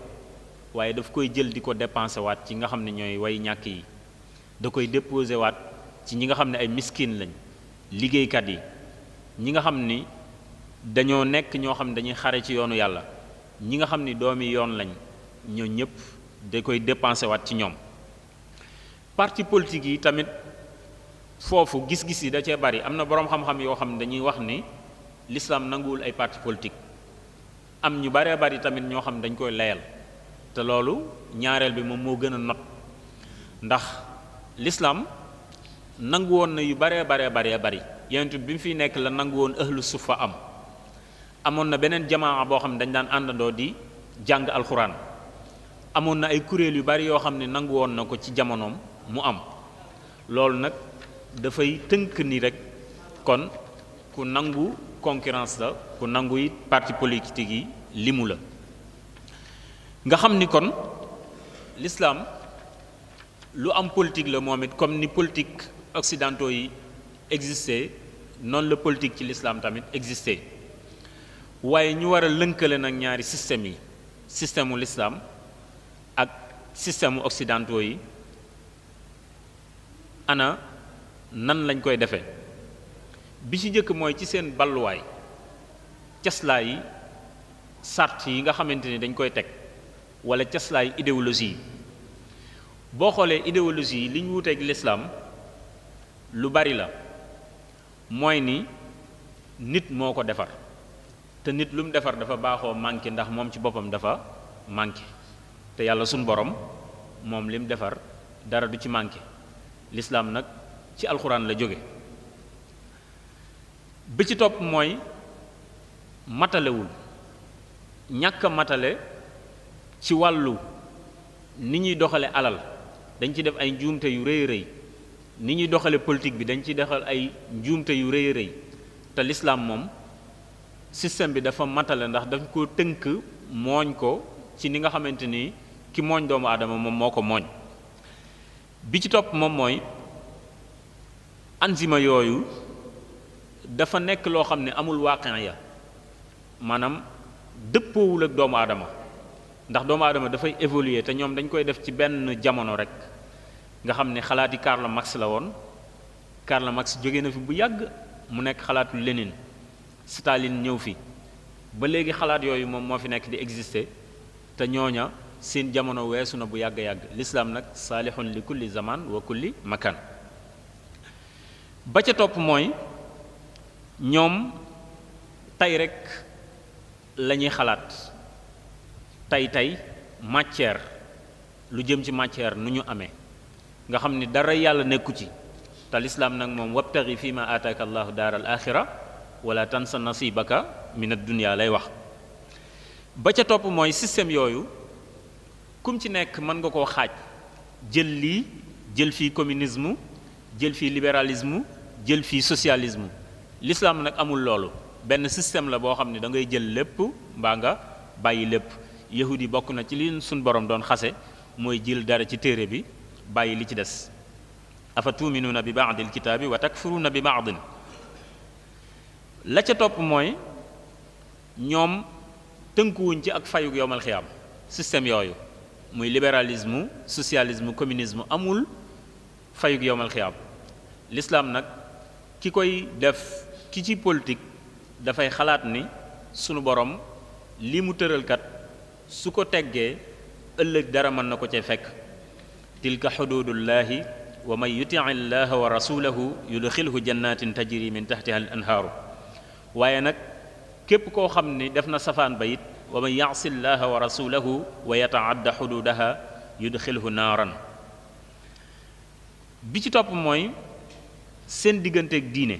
waaye daf koy jël di ko dépensé waat ci nga xam ne ñooy way ñàkk yi da koy déposé waat ci ñi nga xam ne ay miskin lañ liggéeykat yi ñi nga xam ni dañoo nekk ñoo xam ne dañuy xare ci yoonu yàlla ñi nga xam ni doomi yoon lañ ñoo ñëpp da koy dépensé waat ci ñoom parti politique yi tamit foofu gis-gis yi da cee bari am na boroom xam-xam yoo xam ne dañuy wax ni l'islam nanguwul ay parti politique am ñu baree bari tamit ñoo xam ne dañ koy layal te loolu ñaareel bi moom moo gën a not ndax lislaam nangu woon na yu baree baree baree bari yenentu bi fi nekk la nangu woon ahlu sufa am amoon na beneen jamaa boo xam ne dañ daan àndandoo di jàng alxuraan amoon na ay kuréel yu bari yoo xam ne nangu woon na ko ci jamonoom mu am loolu nag dafay tënk ni rek kon ku nangu concurrence la ku nangu it parti politique yi limu la nga xam ni kon lislaam lu am politique la moom it comme ni politique occidentaux yi existé noonu la politique ci l'islam tamit existé waaye ñu war a lënkale nag ñaari système yi système u l'islam ak système occidentaux yi ana nan lañ koy defee bi ci njëkk mooy ci seen balluwaay caslaay yi sart yi nga xamante ni dañ koy teg wala caslaay idéologie yi boo xoolee idéologie yi li ñu wuteeg lislaam lu bari la mooy ni nit moo ko defar te nit lu mu defar dafa baaxoo manqué ndax moom ci boppam dafa manqué te yàlla suñ borom moom li defar dara du ci manqué lislaam nag ci alxuraan la jóge bi ci topp mooy matalewul ñàkk matale ci wàllu ni ñuy doxale alal dañ ci def ay njuumte yu rëy rëy ni ñuy doxale politique bi dañ ci doxal ay njuumte yu rëy rëy te lislaam moom système bi dafa matale ndax dañ ko tënk mooñ ko ci ni nga xamante ni ki mooñ doomu aadama moom moo ko mooñ bi ci topp moom mooy anzima yooyu dafa nekk loo xam ne amul waaqin ya maanaam dëppoowul ak doomu aadama ndax doomu aadama dafay évoluer te ñoom dañ koy def ci benn jamono rek nga xam ne xalaati Karl Marx la woon Karl Marx jóge na fi bu yàgg mu nekk xalaatu leneen Staline ñëw fi ba léegi xalaat yooyu moom moo fi nekk di exister te ñooña seen jamono weesu na bu yàgg yàgg lislaam nag saalihun li kulli zaman wa kulli makan ba ca topp mooy ñoom tey rek la ñuy xalaat tey tey matière lu jëm ci matière nu ñu amee nga xam ni dara yàlla nekku ci te lislaam nag moom wabtaxi fi ma aataaka allahu daaral al axira wala tansa nasibaka min ad dunia lay wax ba ca topp mooy système yooyu kum ci nekk mën nga koo xaaj jël lii jël fii communisme jël fii libéralisme jël fii socialisme l'islam nag amul loolu benn système la boo xam ne da ngay jël lépp mbaa nga bàyyi lépp yahud yi bokk na ci li suñ borom doon xase mooy jël dara ci téere bi bàyyi li ci des afa tuuminuuna bi baadil kitaabi wa takfuruuna bi ba baadin la ca topp mooy ñoom tënkuwuñ ci ak fayug yowmal xiyaam système yooyu muy libéralisme socialisme communisme amul fayug yowmal xiyaam lislaam nag ki koy def ki ci politik dafay xalaat ni sunu borom li mu tëralkat su ko teggee ëllëg dara mën na ko cee fekk tilka xuduudullaahi wa man yuti llaha wa rasulahu yudxilhu jannatin tajri min taxtiha al anhaaru waaye nag képp koo xam ne def na safaan ba it wa man yaasi llaha wa rasulahu wa yataadda xuduudaha yudxilhu naaran bi ci topp mooy seen digganteeg diine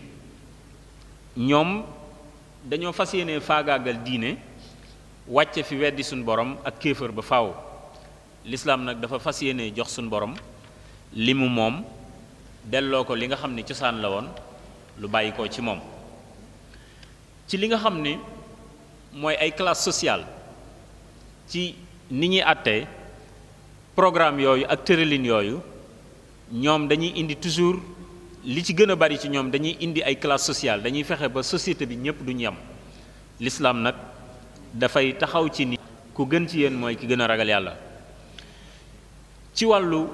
ñoom dañoo fas yéene faagaagal diine wàcce fi weddi suñ borom ak kéefër ba faw lislaam nag dafa fas yéene jox suñ borom li mu moom delloo ko li nga xam ni cosaan la woon lu bàyyi ko ci moom ci li nga xam ni mooy ay classe sociale ci ni ñuy àttee programme yooyu ak tëralin yooyu ñoom dañuy indi toujours li ci gën a bari ci ñoom dañuy indi ay classe sociale dañuy fexe ba société bi ñëpp duñu yem lislaam nag dafay taxaw ci nit ku gën ci yéen mooy ki gën a ragal yàlla ci wàllu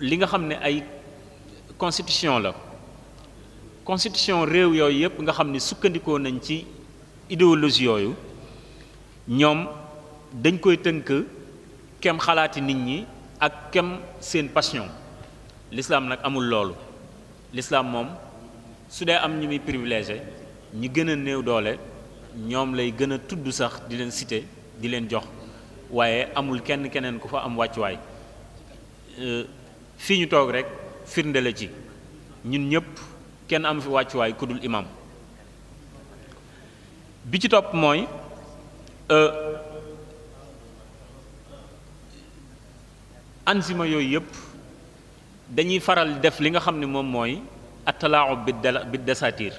li nga xam ne ay constitution la constitution réew yooyu yëpp nga xam ni sukkandikoo nañ ci idéologie yooyu ñoom dañ koy tënk kem xalaati nit ñi ak kem seen passion l'islam nag amul loolu lislaam moom su dee am ñu muy privilégié ñi gën a néew doole ñoom lay gën a tudd sax di leen cité di leen jox waaye amul kenn keneen ku fa am wàccuwaay euh, fii ñu toog rek firnde ci ñun ñëpp kenn am fi wàccuwaay ku dul imam bi ci topp mooy euh, ansima yooyu yëpp dañuy faral def li nga xam ne moom mooy attalaaxu bi bi desatir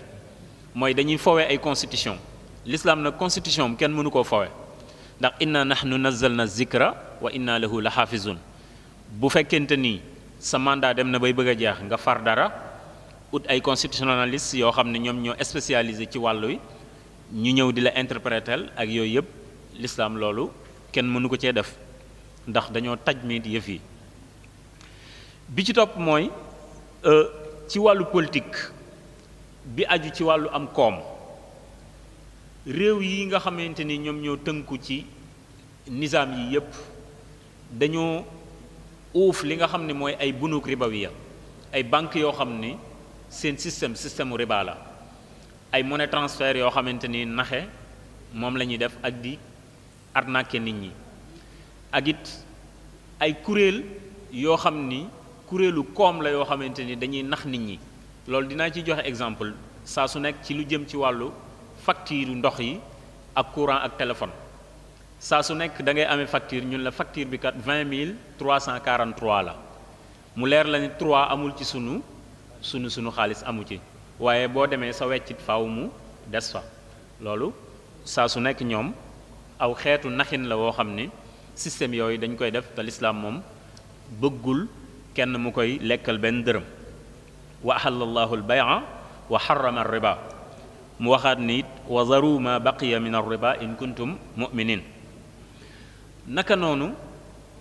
mooy dañuy fowe ay constitution l'islam na constitution am kenn mënu koo fowe ndax inna nahnu na zikra wa inna lahu la xaafizun bu fekkente ni sa mandat dem na bay bëgg a jeex nga far dara ut ay constitutionnaliste yoo xam ne ñoom ñoo spécialisé ci wàll wi ñu ñëw di la interpréter ak yooyu yëpp l'islam loolu kenn mënu ko cee def ndax dañoo taj mi yëf yi bi ci topp mooy euh, ci wàllu politique bi aju ci wàllu am koom réew yi nga xamante ni ñoom ñoo tënku ci nizaam yi yépp dañoo uuf li nga xam ni mooy ay bunuk ribawiya ay banque yoo xam ni seen système système riba la ay monnaie transfert yoo xamante ni naxe moom la ñuy def ak di arnaquer nit ñi ak it ay kuréel yoo xam ni kuréelu koom la yoo xamante ni dañuy nax nit ñi loolu dinaa ci joxe exemple saa su nekk ci lu jëm ci wàllu facture ndox yi ak courant ak téléphone saa su nekk dangay ame amee ñun la facture bi kat 20 343 la mu leer la ni amul ci sunu sunu sunu xaalis amu ci waaye boo demee sa weccit faw mu des fa loolu saa su nekk ñoom aw xeetu naxin la woo xam ni système yooyu dañ koy def te lislaam moom bëggul kenn mu koy lekkal benn dërëm wa ahalla allahu al wa harrama ar mu waxaat nit wa zaru ma baqiya min ar-riba in kuntum mu'minin naka noonu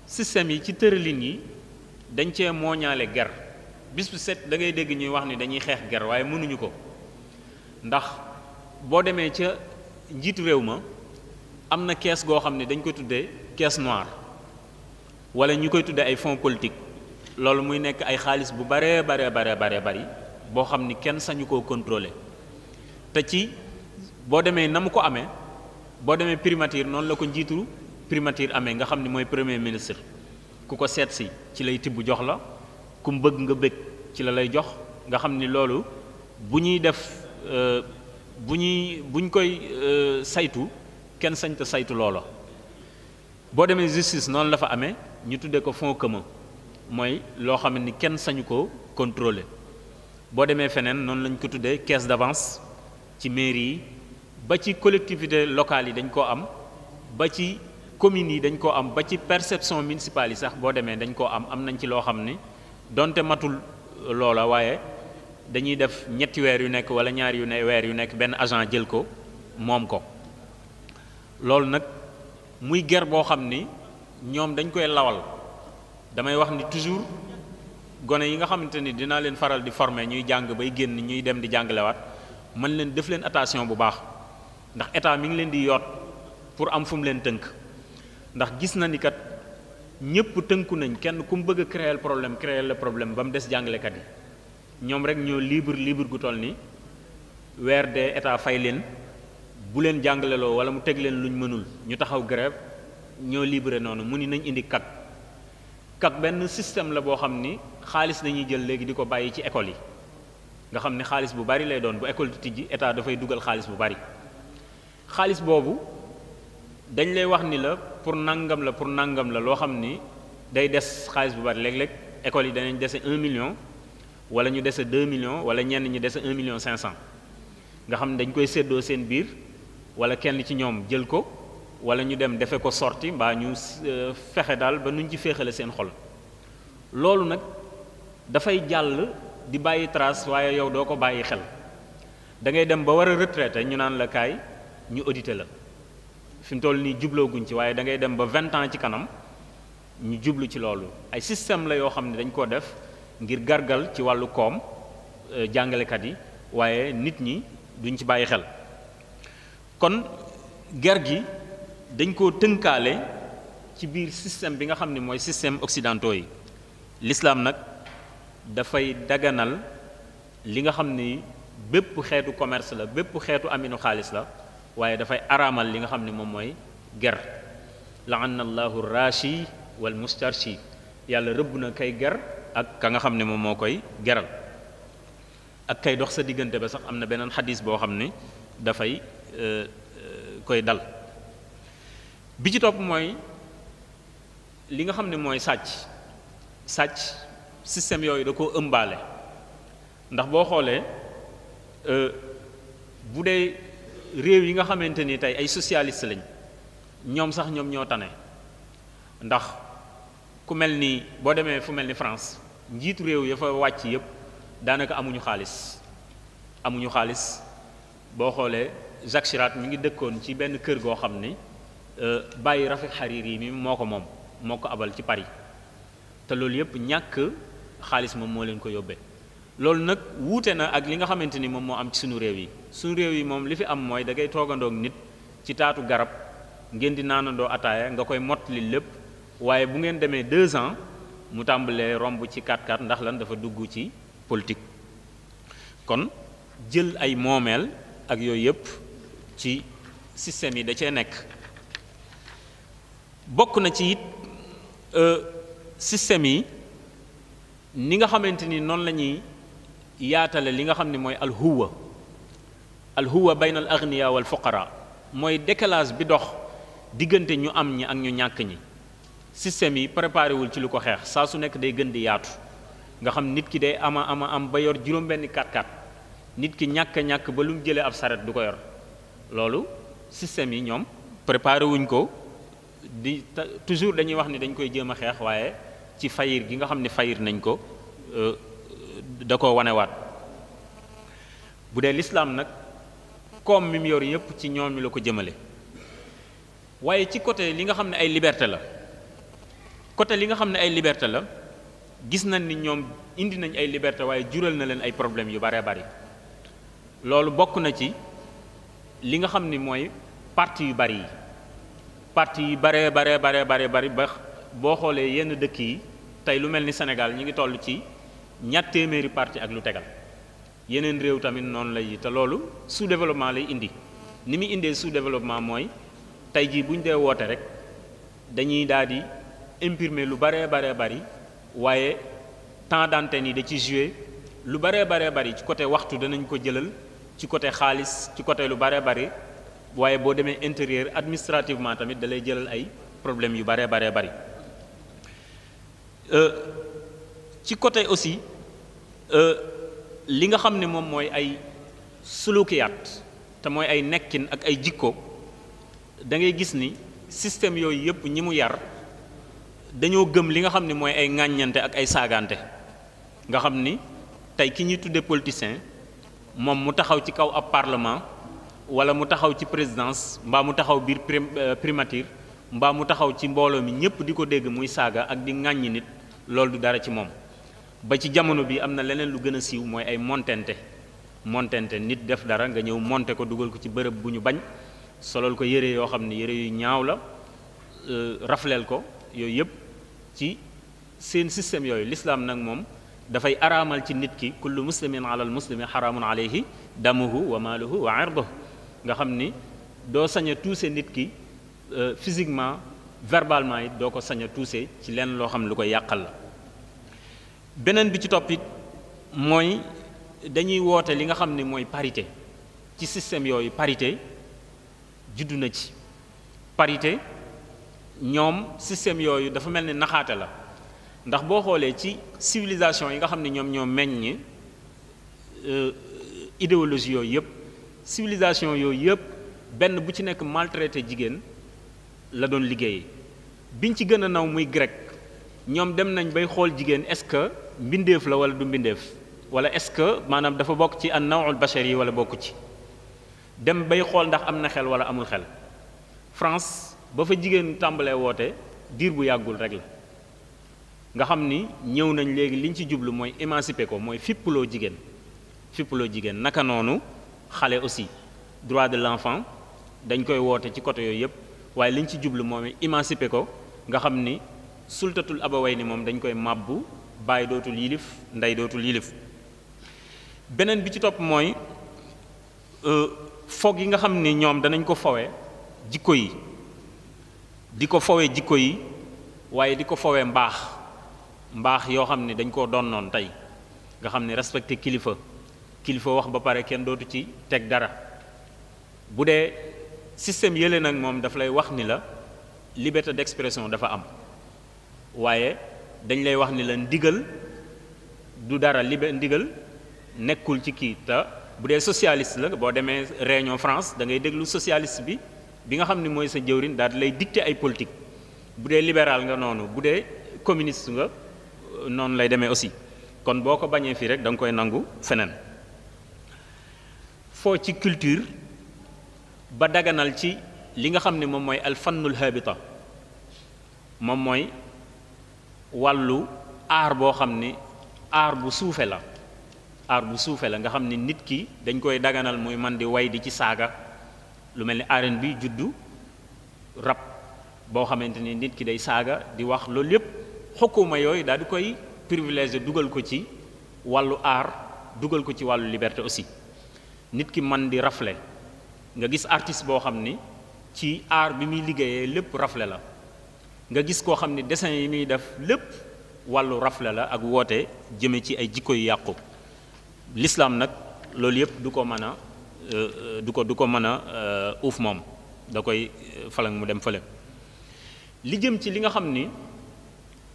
système yi ci tëralin yi dañ cee mooñaale ger bis bu set da ngay dégg ñuy wax ni dañuy xeex ger waaye mënuñu ko ndax boo demee ca njiitu réew ma am na kees goo xam ne dañ ko tudde caisse noire wala ñu koy tuddee ay fonds politique loolu muy nekk ay xaalis bu baree baree baree baree bari boo xam ni kenn sañu koo contrôler te ci boo demee na mu ko amee boo demee primature noonu la ko njiitu primature amee nga xam ni mooy premier ministre ku ko seet si ci lay tibb jox la ku mu bëgg nga bëgg ci la lay jox nga xam ni loolu bu ñuy def euh, bu ñuy buñ ñu koy euh, saytu kenn sañ te saytu loola boo demee justice noonu la fa amee ñu tuddee ko fonds commun mooy loo xam ni kenn sañu ko contrôler boo demee feneen noonu lañ ko tuddee caisse d'avance ci mairie yi ba ci collectivité locale yi dañ koo am ba ci communes yi dañ ko am ba ci perception municipale yi sax boo demee dañ koo am am nañ ci loo xam ni donte matul euh, loola waaye dañuy def ñetti weer yu nekk wala ñaari yu ne weer yu nekk benn agent jël ko moom ko loolu nag muy ger boo xam ni ñoom dañ koy lawal damay wax ni toujours gone yi nga xamante ni dinaa leen faral di former ñuy jàng bay génn ñuy dem di jàngalewaat man leen def leen attention bu baax ndax état mi ngi leen di yoot pour am fu mu leen tënk ndax gis na ni kat ñëpp tënku nañ kenn ku mu bëgg créel problème créer la problème ba mu des jàngalekat yi ñoom rek ñoo libre libre gu toll ni weer de état fay leen bu leen jàngaleloo wala mu teg leen luñ mënul ñu taxaw grève ñoo libre noonu mu ni nañ indi kak benn système la boo xam ni xaalis dañuy jël léegi di ko bàyyi ci école yi nga xam ne xaalis bu bari lay doon bu école di tijji état dafay dugal xaalis bu bari xaalis boobu dañ lay wax ni la pour nangam la pour nangam la loo xam ni day des xaalis bu bari léeg-léeg école yi danañ dese un million wala ñu dese 2 million wala ñenn ñi dese 1 million 500 nga xam ne dañ koy séddoo seen biir wala kenn ci ñoom jël ko. wala ñu dem defe ko sorti mbaa ñu euh, fexe daal ba nuñ ci féexale seen xol loolu nag dafay jàll di bàyyi trace waaye yow doo ko bàyyi xel da ngay dem ba war a retraité ñu naan la kaay ñu audité la fi mu toll nii jublooguñ ci waaye da ngay dem ba vingt ans ci kanam ñu jublu ci loolu ay système la yoo xam ne dañ koo def ngir gargal ci wàllu koom euh, jàngalekat yi waaye nit ñi duñ ci bàyyi xel kon ger gi dañ koo tënkaale ci biir système bi nga xam ne mooy système occidentaux yi lislaam nag dafay daganal li nga xam ni bépp xeetu commerce la bépp xeetu aminu xaalis la waaye dafay araamal li nga xam ne moom mooy ger laana allahu rashi wal mustarshi yàlla rëbb na kay ger ak ka nga xam ne moom moo koy geral ak kay dox sa diggante ba sax am na beneen xadis boo xam ne dafay euh, euh, koy dal bi ci topp mooy li nga xam ne mooy sàcc sàcc système yooyu da koo ëmbaale ndax boo xoolee euh, bu dee réew yi nga xamante ni tey ay socialiste lañ ñoom sax ñoom ñoo tane ndax ku mel ni boo demee fu mel ni France njiitu réew ya fa wàcc yëpp daanaka amuñu xaalis amuñu xaalis boo xoolee Jacques Chirac mi ngi dëkkoon ci benn kër goo xam ni Euh, bàyyi rafet xariir yi mi moo ko moom moo ko abal ci Paris te loolu yëpp ñàkk xaalis moom moo leen ko yóbbee loolu nag wuute na ak li nga xamante ni moom moo am ci suñu réew yi suñu réew yi moom li fi am mooy da ngay toogandoog nit ci taatu garab ngeen di naanandoo ataaya nga koy mottali lépp waaye bu ngeen demee deux ans mu tàmbalee romb ci 4-4 ndax lan dafa dugg ci politique kon jël ay moomeel ak yooyu yëpp ci système yi da cee nekk bokk na ci it euh, système yi ni nga xamante ni noonu la ñuy yaatale li nga xam ni mooy alhuwa alhuwa bayna al agniya wal fuqara mooy décalage bi dox diggante ñu am ñi ak ñu ñàkk ñi système yi préparé wul ci lu ko xeex saa su nekk day gën di yaatu nga xam nit ki day ama ama am ba yor juróom-benn kat-kat nit ki ñàkk ñàkk ba lu mu jëlee ab saret du ko yor loolu système yi ñoom préparé wuñ ko di toujours dañuy wax ni dañ koy jéem a xeex waaye ci fayir gi nga xam ne fayir nañ ko euh, da ko wanewaat bu dee lislaam nag koom mi mu yor yëpp ci ñoom la ko jëmale waaye ci côté li nga xam ne ay liberté la côté li nga xam ne ay liberté la gis nañ ni ñoom indi nañ ay liberté waaye jural na leen ay problèmes yu baree bari loolu bokk na ci li nga xam ni mooy parti yu bari yi parti yi baree baree baree baree bari ba boo xoolee yenn dëkk yi tey lu mel ni Sénégal ñu ngi toll ci ñatt téeméeri parti ak lu tegal yeneen réew tamit noonu lay te loolu sous développement lay indi ni muy indee sous développement mooy tey jii bu ñu dee woote rek dañuy daal di imprimer lu baree baree bari waaye temps d'antenne nii da ci joué lu baree baree bari ci côté waxtu danañ ko jëlal ci côté xaalis ci côté lu baree bari waaye boo demee intérieur administrativement tamit dalay jëlal ay problème yu baree baree bari euh, ci côté aussi euh, li nga xam ne moom mooy ay sulukiyaat te mooy ay nekkin ak ay jikko da ngay gis ni système yooyu yëpp ñi mu yar dañoo gëm li nga xam ni mooy ay ŋàññante ak ay saagante nga xam ni tey ki ñuy tudde politicien moom mu taxaw ci kaw ab parlement wala mu taxaw ci présidence mbaa mu taxaw biir euh, primature mbaa mu taxaw ci mbooloo mi ñëpp di ko dégg muy saaga ak di ŋàññi nit loolu du dara ci moom ba ci jamono bi am na leneen lu gën a siiw mooy ay montente montente nit def dara nga ñëw monte ko dugal ko ci bërëb bu ñu bañ solal ko yére yoo xam ne yére yu ñaaw la euh, rafleel ko yooyu yëpp ci seen système yooyu lislaam nag moom dafay araamal ci nit ki kullu muslimin ala al muslimi xaraamun alayhi damuhu wa maaluhu wa irduhu nga xam ni doo sañ a tuuse nit ki euh, physiquement verbalement it doo ko sañ a tuuse ci lenn loo xam ne lu ko yàqal la beneen bi ci topp it mooy dañuy woote li nga xam ni mooy parité ci système yooyu parité juddu na ci parité ñoom système yooyu dafa mel ni naxaate la ndax boo xoolee ci civilisation yi nga xam ne ñoom ñoo meññ euh, idéologie yooyu yëpp civilisation yooyu yëpp benn bu ci nekk maltraité jigéen la doon liggéey biñ ci gën a naw muy grec ñoom dem nañ bay xool jigéen est-ce que mbindeef la wala du mbindeef wala est-ce que maanaam dafa bokk ci an nawul bachar yi wala bokku ci dem bay xool ndax am na xel wala amul xel France ba fa jigéen tàmbalee woote diir bu yàggul rek la nga xam ni ñëw nañ léegi liñ ci jublu mooy émanciper ko mooy fippuloo jigéen fippuloo jigéen naka noonu xale aussi droit de l'enfant dañ koy woote ci côté yooyu yëpp waaye liñ ci jublu moom émanciper ko nga xam ni sultatul abaway ni moom dañ koy màbbu bàyyi dootul yilif ndey dootul yilif beneen bi ci topp mooy euh, foog yi nga xam ni ñoom danañ ko fowe jikko yi di ko fowe jikko yi waaye di ko fowe mbaax mbaax yoo xam ne dañ koo doon noon tey nga xam ne respecté kilifa kilifa wax ba pare kenn dootu ci teg dara bu dee système yële nag moom daf lay wax ni la liberté d'expression dafa am waaye dañ lay wax ni la ndigal du dara liber ndigal nekkul ci kii te bu dee socialiste la boo demee réunion France da ngay déglu socialiste bi bi nga xam ni mooy sa jëwrin daal lay dicter ay politique bu dee libéral nga noonu bu dee communiste nga noonu lay demee aussi kon boo ko bañee fii rek da nga koy nangu feneen foo ci culture ba daganal ci li nga xam ni moom mooy alfannul habita moom mooy wàllu aar boo xam ne aar bu suufe la aar bu suufe la nga xam ni nit ki dañ koy daganal muy man di way di ci saaga lu mel ni arène bi juddu rab boo xamante ni nit ki day saaga di wax loolu yépp xukkuma yooyu daal di koy privilège dugal ko ci wàllu aar dugal ko ci wàllu liberté aussi nit ki man di rafle nga gis artiste boo xam ni ci aar bi muy liggéeyee lépp rafle la nga gis koo xam ni dessin yi muy def lépp wàllu rafle la ak woote jëme ci ay jikko yu yàqu lislaam nag loolu yëpp du ko mën a euh, du ko du ko mën a euh, uuf moom da koy euh, falang mu dem fële li jëm ci li nga xam ni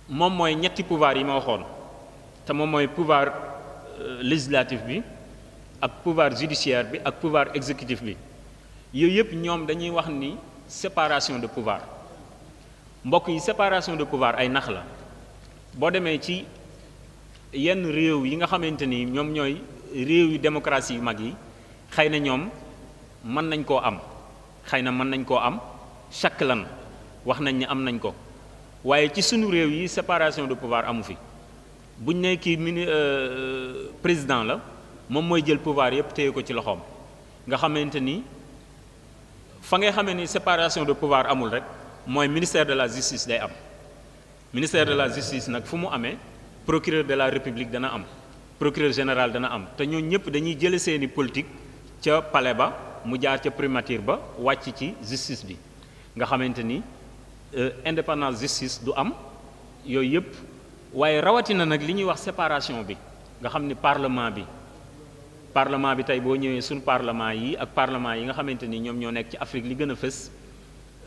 moom mooy ñetti pouvoir yi ma waxoon te moom mooy pouvoir législatif bi ak pouvoir judiciaire bi ak pouvoir exécutif bi yooyu yëpp ñoom dañuy wax ni séparation de pouvoir mbokk yi séparation de pouvoir ay nax la boo demee ci yenn réew yi nga xamante ni ñoom ñooy réew yu démocratie yu mag yi xëy na ñoom mën nañ koo am xëy na mën nañ koo am chaque lan wax nañ ni am nañ ko waaye ci suñu réew yi séparation de pouvoir amu fi buñ ne kii mini euh, président la moom mooy jël pouvoir yëpp téye ko ci loxoom nga xamante ni fa ngay xamee ni séparation de pouvoir amul rek mooy ministère de la justice day am ministère de la justice nag fu mu amee procureur de la république dana am procureur général dana am te ñoo ñëpp dañuy jële seeni politique ca pale ba mu jaar ca primature ba wàcc ci justice bi nga xamante ni euh, indépendance justice du am yooyu yëpp waaye rawatina nag li ñuy wax séparation bi nga xam ni parlement bi parlement bi tey boo ñëwee suñu parlement yi ak parlement yi nga xamante ni ñoom ñoo nekk ci Afrique li gën a fës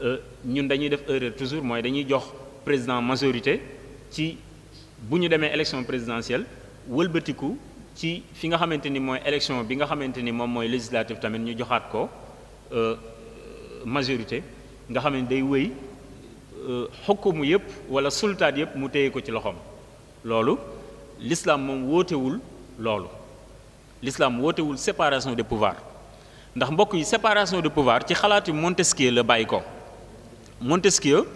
euh, ñun dañuy def erreur toujours mooy dañuy jox président majorité ci bu ñu demee élection présidentielle wëlbatiku ci fi nga xamante ni mooy élection bi nga xamante ni moom mooy législative tamit ñu joxaat ko euh, majorité nga xam ne day wéy euh, xukumu yëpp wala sultaat yëpp mu téye ko ci loxoom loolu l'islam moom wóotewul loolu l'islam wootewul séparation de pouvoirs ndax mbokk yi séparation de pouvoir ci xalaatu Montesquieu la bàyyi ko Montesquieu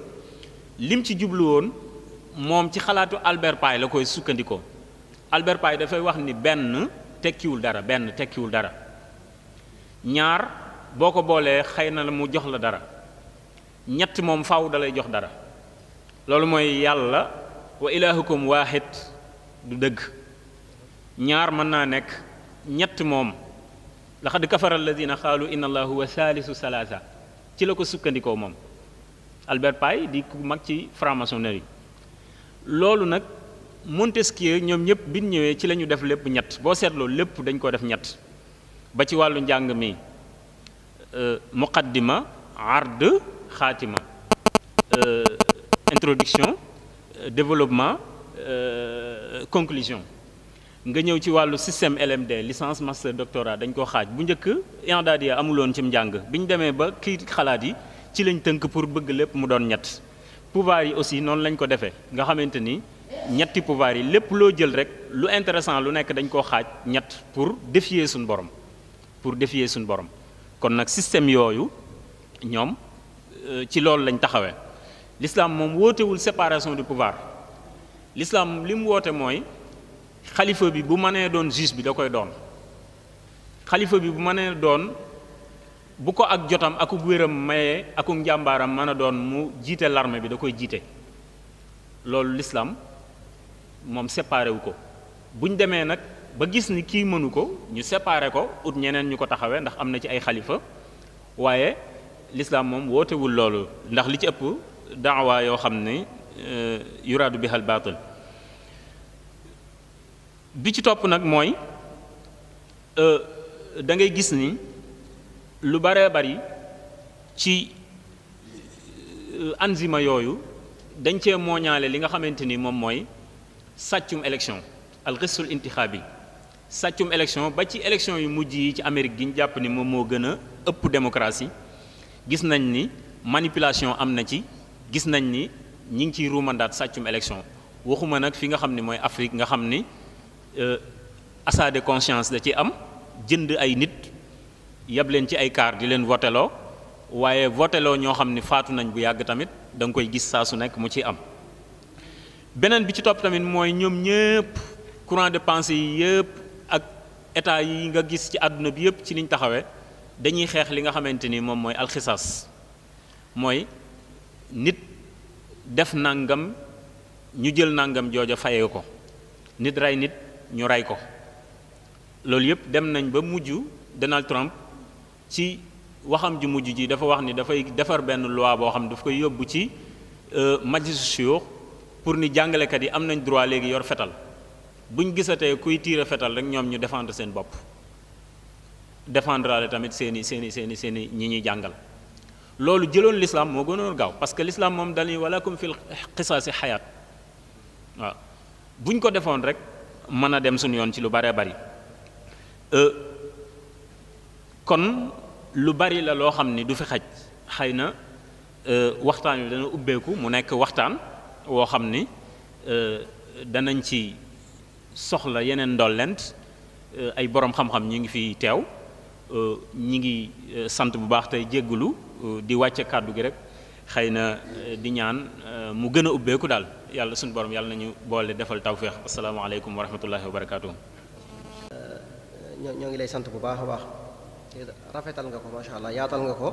lim ci jublu woon moom ci xalaatu Albert Paye la koy sukkandikoo Albert Paye dafay wax ni benn tekkiwul dara benn tekkiwul dara ñaar boo ko boolee xëy na la mu jox la dara ñett moom faaw dalay jox dara loolu mooy yàlla wa ilahukum waahid du dëgg ñaar mën naa nekk ñett moom laxad kafara alladina xaalu inna allah huwa saalisu salaasa ci la ko sukkandikoo moom Albert Paye di ku mag ci franc-maçonnerie loolu nag Montesquieu ñoom ñëpp bi ñëwee ci la ñu def lépp ñett boo seetloo lépp dañ ko def ñett ba ci wàllu njàng mi euh, muqaddima ard xaatima euh, introduction euh, développement conclusion nga ñëw ci wàllu système LMD licence master doctorat dañ ko xaaj bu njëkk indaad ya amuloon ci mu njàng bi ñu demee ba kii xalaat yi ci lañ tënk pour bëgg lépp mu doon ñett pouvoir yi aussi noonu lañ ko defee nga xamante ni ñetti pouvoir yi lépp loo jël rek lu intéressant lu nekk dañ koo xaaj ñett pour défier suñu borom pour défier suñu borom kon nag système yooyu ñoom euh, ci loolu lañ taxawee l'islam moom wootewul séparation du pouvoir l'islam li mu woote mooy xalifa bi bu mënee doon juge bi da koy doon xalifa bi bu mënee doon bu ko ak jotam aku wéram mayee aku njàmbaaram mën a doon mu jiite larme bi da koy jiite loolu l'islam moom séparé wu ko buñ demee nag ba gis ni kii mënu ko ñu séparé ko ut ñeneen ñu ko taxawee ndax am na ci ay xalifa waaye l'islam moom wootewul loolu ndax li ci ëpp daawa yoo xam ne euh, yuraadu bihal baatil bi ci topp nag mooy euh, da ngay gis ni lu baree bari ci anzima euh, yooyu dañ cee mooñaale li nga xamante ni moom mooy sàccum élection alxisul intixaabi sàccum élection ba ci élection yu mujj yi ci Amérique gi ñu jàpp ni moom moo gën a ëpp démocratie gis nañ ni manipulation am na ci gis nañ ni ñi ngi ciy ruumandaat sàccum élection waxuma nag fi nga xam ni mooy Afrique nga xam ni Euh, assa de conscience da ci am jënd ay nit yab leen ci ay kaar di leen voteloo waaye voteloo ñoo xam ni faatu nañ bu yàgg tamit danga koy gis saa su nekk mu ciy am beneen bi ci topp tamit mooy ñoom ñëpp courant de pensée yi yëpp ak état yi nga gis ci àdduna bi yëpp ci liñ taxawee dañuy xeex li nga xamante ni moom mooy alxisaas mooy nit def nangam ñu jël nangam jooja fayee ko nit rey nit ñu rey ko loolu yëpp dem nañ ba mujj Donald Trump ci waxam ju mujj ji dafa wax ni dafay defar benn loi boo xam dafa koy yóbbu ci euh, magistrature pour ni jàngalekat yi am nañ droit léegi yor fetal buñ gisatee kuy tiire fetal rek ñoom ñu défendre seen bopp défendraale tamit seeni seeni seeni seeni ñi ñuy jàngal loolu jëloon l'islam moo gënoon gaaw parce que l'islam moom dañuy walakum fil qisaasi xayaat waaw buñ ko defoon rek mën a dem suñu yoon ci lu baree bari euh, kon lu bari la loo xam ni du fi xaj xëy na euh, waxtaan wi dana ubbeeku mu nekk waxtaan woo xam ni euh, danañ ci soxla yeneen ndollent ay borom xam-xam ñi ngi fi teew ñi ngi sant bu baax tey jéggulu di wàcce kàddu gi rek xëy na di ñaan mu gën a ubbeeku daal yàlla suñu borom yàlla nañu boole defal tawféex asalaamaaleykum wa rahmatullahi wa barakaatu. ñoo ngi lay sant bu baax a baax rafetal nga ko macha allah yaatal nga ko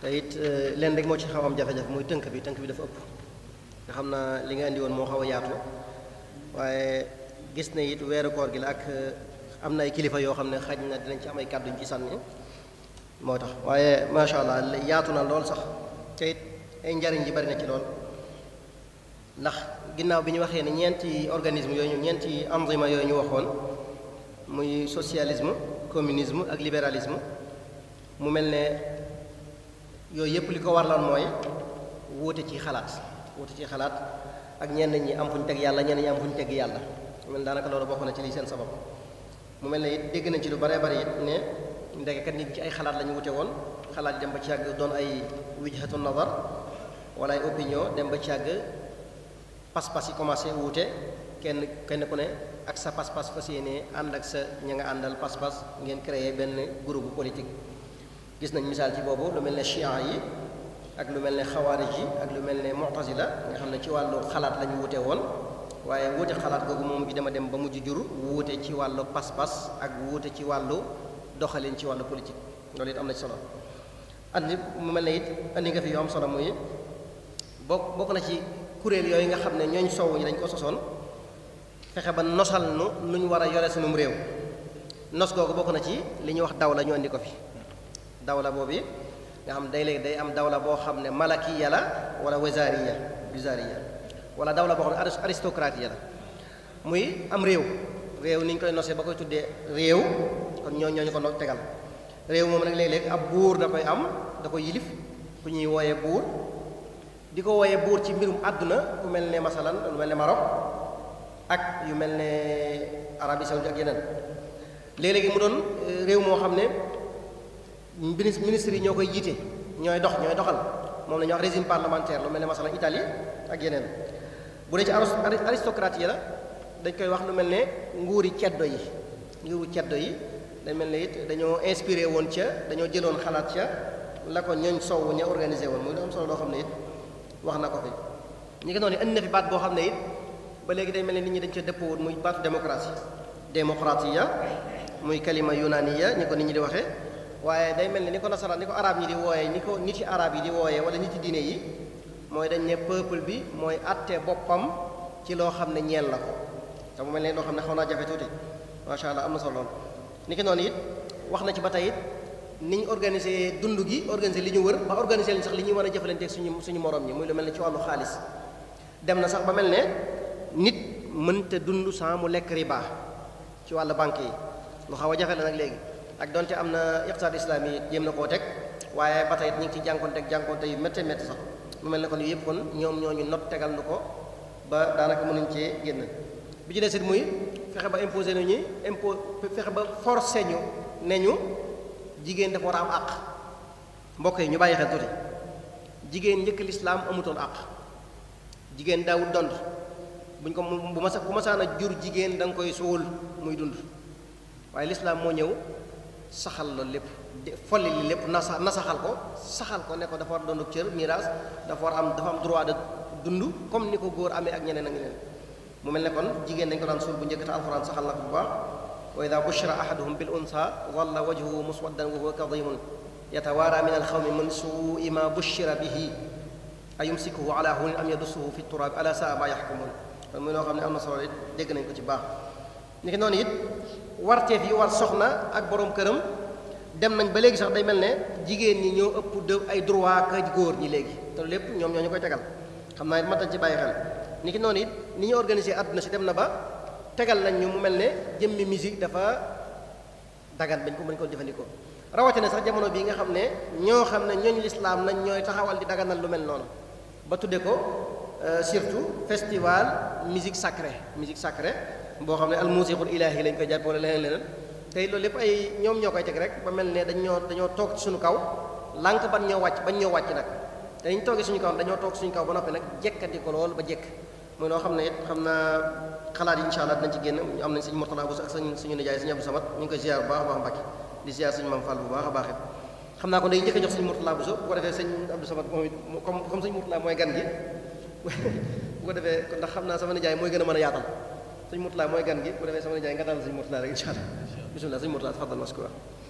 te it euh, leen rek moo ci xaw am jafe-jafe tënk bi tënk bi dafa ëpp na li nga indi woon moo xaw a yaatu waaye gis na it weeru koor gi la ak euh, am na ay kilifa yoo xam ne xaj na dinañ ci am ay kàddu ñu ci moo tax waaye macha allah yaatu na lool sax te it ay njariñ ji bari na ci lool. ndax ginnaaw bi ñu waxee ne ñeenti organisme yooyu ñeenti anzima yooyu ñu waxoon muy socialisme communisme ak libéralisme mu mel ne yooyu yëpp li ko war warloon mooy wuute ci xalaat wuute ci xalaat ak ñenn ñi am fu ñu teg yàlla ñenn ñi am fu ñu teg yàlla mel daanaka loolu bokk na ci lii seen sabab mu mel ne it dégg nañ ci lu bare bare it ne ka nit ci ay xalaat lañu ñu wute woon xalaat dem ba ci àgg doon ay wijhatu nazar wala ay opinion dem ba ci àgg pas-pas yi commencé wuute kenn kenn ku ne ak sa pas-pas fas yéene ànd ak sa ña nga àndal pas-pas ngeen créer benn groupe politique gis nañ misaal ci boobu lu mel ne chian yi ak lu mel ne xawaarij yi ak lu mel ne mu'tazila nga xam ne ci wàllu xalaat lañu wuute woon waaye wuute xalaat googu moom bi dama dem ba mujj juru wuute ci wàllu pas-pas ak wuute ci wàllu doxalin ci wàllu politique loolu it am na ci solo andi mu mel ne it andi nga fi yoo solo muy bokk bokk na ci kuréel yooyu nga xam ne ñooñ sow yi dañ ko sosoon fexe ba nosal nu lu ñu war a yore sunum réew nos googu bokk na ci li ñuy wax dawla ñu andi ko fi dawla boobu nga xam day léegi day am dawla boo xam ne malakiya la wala wazariya wazariya wala dawla boo xam ne aristocratie la muy am réew réew ni ñu koy nosee ba koy tuddee réew kon ñoo ñooñu ko tegal réew moom nag léeg-léeg ab buur da koy am da koy yilif ku ñuy wooyee buur di ko wooyee buur ci mbirum àdduna lu mel ne masalan lu mel ne Maroc ak yu mel ne Arabie Saoudite ak yeneen léeg-léegi mu doon euh, réew moo xam ne ministre ministres yi ñoo koy jiite ñooy dox ñooy doxal moom lañu ñuy wax régime parlementaire lu mel ne masalan Italie ak yeneen bu dee ci yi la dañ koy wax lu mel ne nguuri ceddo yi nguuru ceddo yi dañ mel ne it dañoo inspiré woon ca dañoo jëloon xalaat ca la ko ñooñ sowwu ña organisé woon muy lu am solo loo xam ne wax na ko fi ñi ngi noonu indi na fi baat boo xam ne it ba léegi day mel ni nit ñi dañ ca dëppoo woon muy baatu démocratie démocratia muy kalima yunaniya ñi ko nit ñi di waxee waaye day mel ne ni ko nasaraan ni ko arab ñi di wooyee ni ko nit yi arab yi di wooyee wala nit yi diine yi mooy dañ ne peuple bi mooy àtte boppam ci loo xam ne ñeen la ko te mu mel ne loo xam ne xaw naa jafe tuuti macha allah am na solo ni noonu it wax na ci ba tey it niñ organiser dund gi organiser li ñu wër ba organiser leen sax li ñu war a jëfalante suñu suñu morom ñi muy lu mel ne ci wàllu xaalis dem na sax ba mel ne nit mën te dund sans mu lekk riba ci wàllu banque yi lu xaw a jafe la nag léegi ak donte am na iqtisaad islaami yi jéem na koo teg waaye ba tey ñu ngi ci jànkonte ak jànkonte yu métti métti sax mu mel ne ko kon yëpp kon ñoom ñoo ñu not tegal nu ko ba daanaka mënuñ cee génn bi ci des it muy fexe ba imposé nañu impo fexe ba forcé ñu ne ñu jigéen dafa war am àq mbokk yi ñu bàyyi xel tuuti jigéen njëkk lislaam amutoon àq jigéen daawut dond buñ ko bu ma bu masaan a jur jigéen da koy suul muy dund waaye lislaam moo ñëw saxal loolu lépp folli li lépp na nasaxal ko saxal ko ne ko dafa war doon cër miraas dafa war am dafa am droit dund comme ni ko góor amee ak ñeneen ak ñeneen mu mel nekkoon jigéen dañ ko daan suul bu njëkk te alxuraan saxal na ko bu wa ida bushira ahaduhum bil unsa walla wajhuhu muswaddan wa huwa kadimun yatawaara min alxawmi min suui ma bushira bihi ayumsikuhu ala hunin am yadussuhu fi turaab ala saa ma yaxkumuun kon muy loo xam ne am na solo dégg nañ ko ci baax ni ki noonu it warteef yi war soxna ak borom këram dem nañ ba léegi sax day mel ne jigéen ñi ñoo ëpp de ay droit ka góor ñi léegi te lépp ñoom ñoo ñu koy tegal xam naa it mat nañ ci bàyyi xel ni ki noonu it ni ñu organisé àdduna si dem na ba tegal nañ ñu mu mel ne jëmmi musique dafa dagan bañ ko mën ko jëfandikoo rawatina sax jamono bii nga xam ne ñoo xam ne ñooñ lislaam nañ ñooy taxawal di daganal lu mel noonu ba tuddee ko euh, surtout festival musique sacrée musique sacrée boo xam ne al musiqul ilaahi lañ koy jàpp wala leneen leneen tey loolu lépp ay ñoom ñoo koy teg rek ba mel ne dañoo dañoo toog suñu kaw lànk ban ñoo wàcc bañ ñoo wàcc nag dañu ñu toogee suñu kow dañoo toog suñu kaw ba noppi nag jekkati ko lool ba jekk muy loo xam ne it xam naa xalaat yi incha allah dinañ ci génn ñu am nañ sëñ Mortala Bousso ak sëñ suñu nijaay sëñ Abdou Samad ñu ngi koy ziar a baax Mbàkke di a baax it xam naa ko day njëkk a jox sëñ bu ko mooy gan gi bu ko xam naa sama nijaay mooy gën a mën a yaatal sëñ mooy gan gi bu defee sama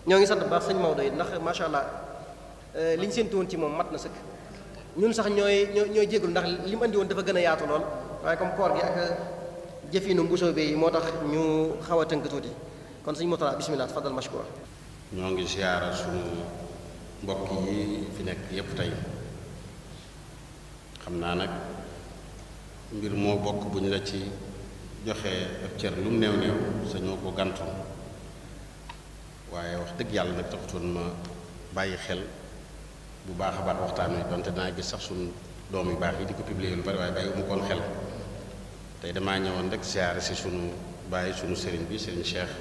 ñoo ngi sant baax sëñ Maodo it ndax macha allah euh, li ñu séentu woon ci moom mat na sëkk ñun sax ñooy ñooy jégalu ndax li mu andi woon dafa gën a yaatu lool waaye comme koor gi ak jëfinu mbusoo bi moo tax ñu xaw a tënk tuuti kon suñu motala bismillah tafadal mashkour ñoo ngi siyaara suñu mbokk yi fi nekk yépp tey xam naa nag mbir moo bokk bu ñu la ci joxee ak cër lu mu néew néew sañoo ko gantu waaye wax dëgg yàlla nag taxutoon ma bàyyi xel bu baax a baax waxtaan wi donte naa gis sax suñu doom yu baax yi di ko publier lu bari waaye bàyyi mu koon xel tey damaa ñëwoon rek ziare si sunu bàyyi sunu sëriñ bi sëriñ Cheikh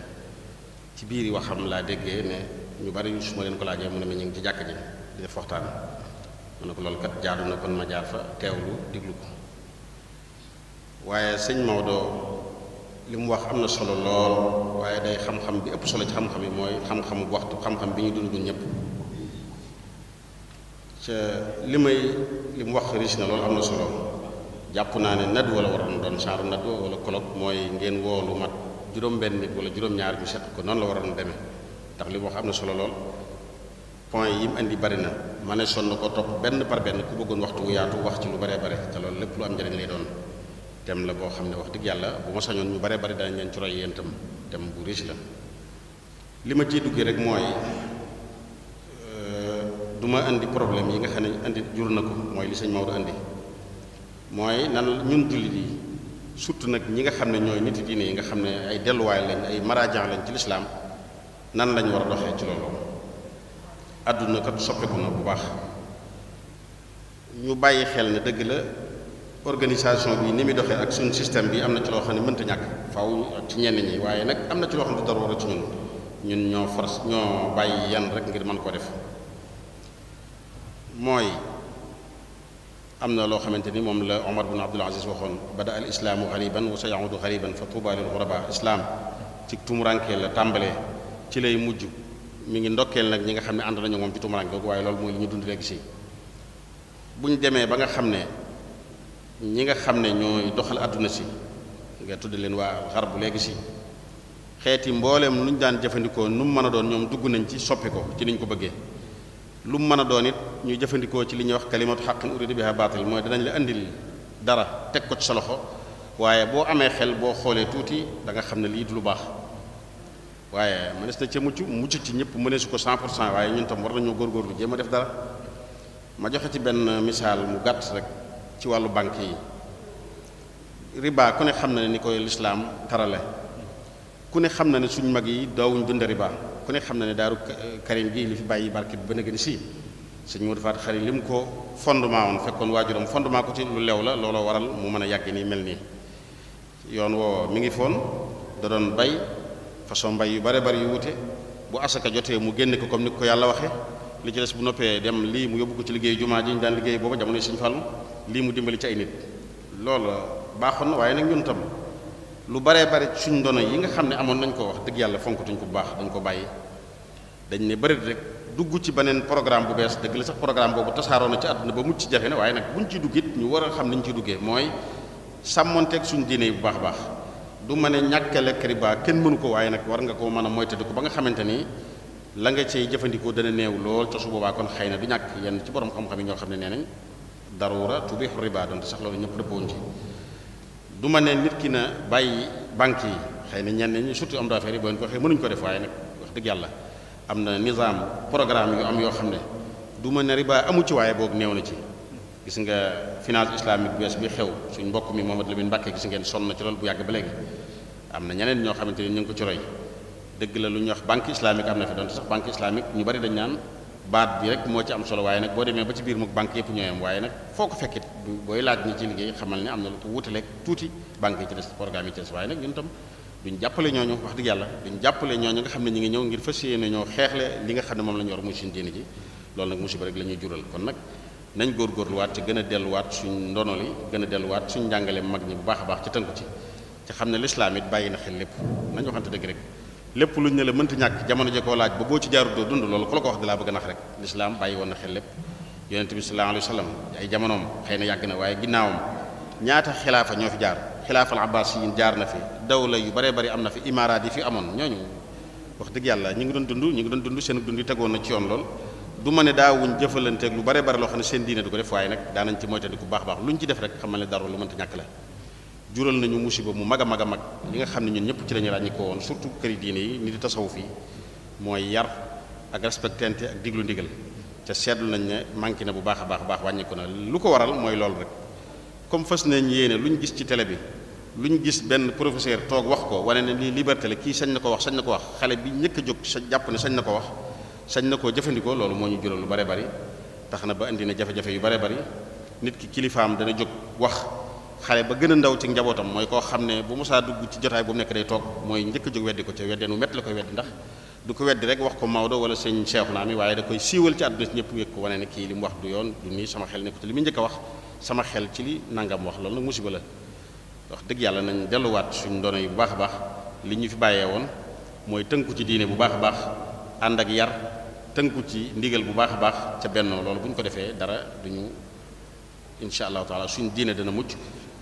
ci biir yi xam laa déggee ne ñu bari yu su ma leen ko laajee mu ne ma ñu ngi ci jàkk ji di def waxtaan mu ne ko loolu kat jaadu na kon ma jaar fa teewlu diglu ko waaye sëñ Maodo li mu wax am na solo lool waaye day xam-xam bi ëpp solo ci xam-xam yi mooy xam-xamu waxtu xam-xam bi ñu dundul ñëpp ca li may li mu wax riche na loolu am na solo. jàpp naa ne nat wala waroon doon genre nat wala colloque mooy ngeen woolu mat juróom-benn nit wala juróom-ñaar ñu seq ko noonu la waroon demee ndax li mu wax am na solo lool point yi mu indi bari na ma ne sonn ko topp benn par benn ku bëggoon waxtu wu yaatu wax ci lu baree bare te loolu lépp lu am njëriñ lay doon tem la boo xam ne wax dëgg yàlla bu ma sañoon ñu bare bari danañ leen ci roy yéen itam tem bu riche la li ma ciy duggee rek mooy euh, du ma indi problème yi xam ne indi jur na ko mooy li sëñ Maodo indi mooy nan ñun jullit yi surtout nag ñi nga xam ne ñooy nit diine yi nga xam ne ay delluwaay lañ ay maraajan lañ ci lislaam nan lañ war a doxee ci loolu àdduna kat soppiku na bu baax ñu bàyyi xel ne dëgg la organisation bi ni muy doxee ak suñu système bii am na ci loo xam ne mënta ñàkk faw ci ñenn ñi waaye nag am na ci loo xam ne dara war a ci ñun ñun ñoo force ñoo bàyyi yan rek ngir mën koo def mooy am na loo xamante ni moom la Omar bin Abdul Aziz waxoon bada al islaamu xariban wa sayaudu xariban fa tuuba lil xuraba islaam ci tumuranke la tàmbalee ci lay mujj mu ngi ndokkeel nag ñi nga xam ne ànd nañu moom ci tumuranke googu waaye loolu mooy li ñu dund léegi si bu demee ba nga xam ne ñi nga xam ne ñooy doxal àdduna si nga tudd leen waa xar bu léegi si xeeti mbooleem lu ñu daan jëfandikoo nu mu mën a doon ñoom dugg nañ ci soppi ci niñ ko bëggee lu mu mën a doon it ñu jëfandikoo ci li ñuy wax kalimatu xaqin urida biha baatil mooy danañ la andil dara teg ko ci sa loxo waaye boo amee xel boo xoolee tuuti da xam ne lii du lu baax waaye mënees na ca mucc mucc ci ñëpp mëneesu ko 100 cent waaye ñun tam war nañoo góorgóorlu jéem a def dara ma joxe ci benn misaal mu gàtt rek ci wàllu banque yi ribaa ku ne xam na ne ni koy lislaam tarale ku ne xam na ne suñu mag yi daawuñ dund riba ku ne xam na ne daaru karim gi li fi bàyyi barke bi ba gën si sëñ Modou Fatou Khary lim ko fondement woon fekkoon waajuram fondement ko ci lu lew la looloo waral mu mën a yàgg nii mel nii yoon woo mi ngi foon da doon bay façon mbay yu bare bari yu wute bu asaka jotee mu génne ko comme ni ko ko yàlla waxe li ci des bu noppee dem lii mu yóbbu ko ci liggéey jumaa ji ñu daan liggéey booba jamono ñu Fallu lii mu dimbali ci ay nit loolu baaxoon na waaye nag ñun tam lu baree bare suñ ndono yi nga xam ne amoon nañ koo wax dëgg yàlla fonkatuñ ko bu baax dañ ko bàyyi dañ ne bërit rek dugg ci beneen programme bu bees dëgg la sax programme boobu tasaaroona ci àdduna ba mucc ci jafe na waaye nag buñ ci dugg ñu war a xam niñ ci duggee mooy sàmmonteeg suñ diine yi bu baax baax du ma ne ñàkkale riba kenn mënu ko waaye nag war nga koo mën a ko ba nga xamante ni la nga cey jëfandikoo dana néew lool ca su boobaa kon xëy na du ñàkk yenn ci borom xam-xam yi ñoo xam ne nee nañ daruura tubiixu riba donte sax loolu ñëpp dëppoon ci du ma ne nit ki na bàyyi banque yi xëy na ñenn ñi surtout am d'affaires yi boo ko waxee mënuñ ko def waaye nag wax dëgg yàlla am na nizaam programme yu am yoo xam ne du ma ne riba amu ci waaye boog néew na ci gis nga finance islamique bu bees bi xew suñ mbokk mi Mouhamadou Lamine Mbacké gis ngeen sonn na ci loolu bu yàgg ba léegi am na ñeneen ñoo xamante ne ñu ngi ko ci roy dëgg la lu ñuy wax banque islamique am na fi doon sax banque islamique ñu bari dañ naan baat bi rek moo ci am solo waaye nag boo demee ba ci biir mook banque yëpp ñooyam waaye nag foo ko fekkit booy laaj ñi ci liggéey xamal ne am na lu ko wutaleeg tuuti banque yi ci des programme yi ci des waaye nag ñun tam duñ jàppale ñooñu wax dëgg yàlla duñ jàppale ñooñu nga xam ne ñu ngi ñëw ngir fas yéene ñoo xeexle li nga xam ne moom la ñu war muy suñu ji loolu nag musiba rek la ñuy jural kon nag nañ góorgóorluwaat te gën a delluwaat suñ ndono li gën a delluwaat suñ njàngale mag ñi bu baax a baax ci tënku ci ci xam ne lislaam it bàyyi na xel lépp nañ waxante dëgg rek lépp luñ ne la mënta ñàkk jamono ji koo laaj ba boo ci jaarut doo dund loolu ku la ko wax dalaa bëgg a nax rek lislaam bàyyi woon na xel lépp yonente bi sallallahu alayhi wa ay jamonoom xëy na yàgg na waaye ginnaawam ñaata xilaafa ñoo fi jaar xilaafal abbasiyin jaar na fi dawla yu bare bari am na fi imaaraat yi fi amoon ñooñu wax dëgg yàlla ñu ngi doon dund ñu ngi doon dund seen dund yi tegoon na ci yoon lool du ma ne daawuñ jëfalanteeg lu bare bari loo xam ne seen diine ñàkk la jural nañu musiba mu mag a mag a mag li nga xam ne ñun ñëpp ci lañu ràññi woon surtout këri diine yi ni di tasawu fii mooy yar ak respectante ak diglu ndigal te seetlu nañ ne manqué na bu baax a baax baax wàññiku na lu ko waral mooy loolu rek comme fas nañ yéene lu ñu gis ci télé bi lu ñu gis benn professeur toog wax ko wane ne lii liberté la kii sañ na ko wax sañ na ko wax xale bi ñëkk a jóg sa jàpp ne sañ na ko wax sañ na koo jëfandikoo loolu moo ñu jural lu bare bari tax na ba indi na jafe yu bare bari nit ki kilifaam dana jóg wax xale ba gën a ndaw ci njabootam mooy koo xam ne bu musaa dugg ci jotaay bu mu nekk day toog mooy njëkk a jóg weddi ko ca weddeen wu métti la koy weddi ndax du ko weddi rek wax ko Maodo wala sëñ Cheikh naa mi waaye da koy siiwal ci àdduna si ñëpp yëg ko wane ne kii mu wax du yoon du sama xel nekku li mu njëkk a sama xel ci li nangam wax loolu nag musiba la wax dëgg yàlla nañ delluwaat suñ ndono yi bu baax baax li ñu fi bàyyee woon mooy tënku ci diine bu baax a baax ànd ak yar tënku ci ndigal bu baax a baax ca benn loolu bu ñu ko defee dara duñu incha allah taala suñ diine dana mucc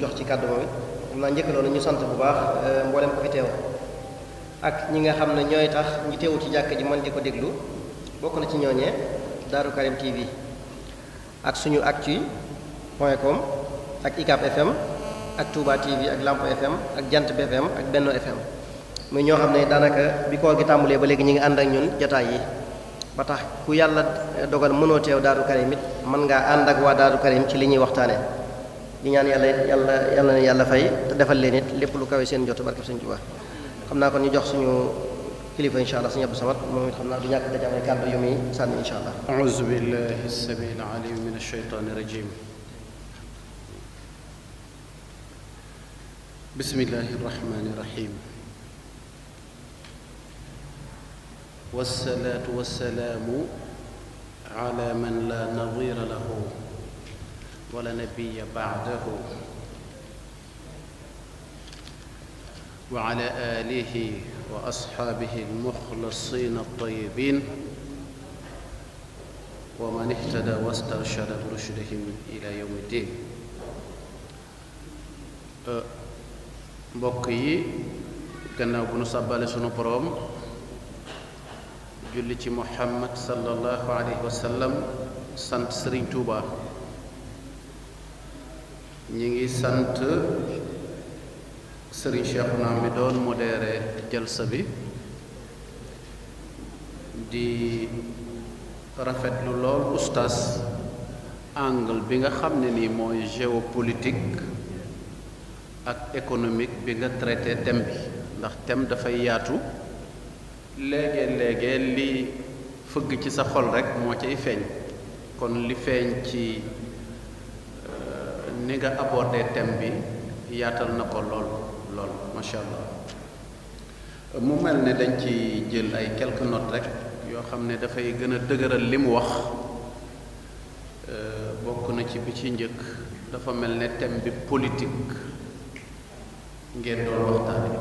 jox ci kàddu moom it xam naa ñu sant bu baax euh, mboolem ko fi teew ak ñi nga xam ne ñooy tax ñu teewul ci jàkk ji mën di ko déglu bokk na ci ñooñee Daaru Karim TV ak suñu actu point com ak ICAP FM ak Touba TV ak Lamp FM ak Jant bi FM ak Benno FM muy ñoo xam ne daanaka bi koor gi tàmbalee ba léegi ñu ngi ànd ak ñun jotaay yi ba tax ku yàlla dogal mënoo teew Daaru Karim it mën ngaa ànd ak waa Daaru Karim ci li ñuy waxtaanee. di ñaan yàlla yàlla fay te defal leen it lépp lu kawe seen jot barkeb sëñ Tuubaa xam naa ko ñu jox suñu kilifa incha allah sëñ Abdou Samad moom it xam naa du ñàkk daje kàddu yu muy sànni incha allah aouzu billahi samiil man la nadira lahu wala nabiya baadahu wa ala aalihi wa asxaabihi almuxlasiina altayibiin wa man ihtada wastarshada rushdihim ila yowmi ddin mbokk yi gannaaw bu nu sàbbale sunu boroom julli ci muhammad sallallahu alayhi wa sallam sant sëriñ tuuba ñi ngi sant sëriñ Cheikhouna mi doon modéré jalsa bi di rafetlu lool oustaz angle bi nga xam ne nii mooy géopolitique ak économique bi nga traité thème bi ndax thème dafay yaatu léegi-léegi li fëgg ci sa xol rekk moo cay feeñ kon li feeñ ci ni nga abordé thème bi yaatal na ko lool lool macha allah mu mel ni dañ ci jël ay quelques notes rek yoo xam ne dafay gën a dëgëral li mu wax euh, bokk na ci bi ci njëkk dafa mel ne thème bi politique ngeen doon waxtaane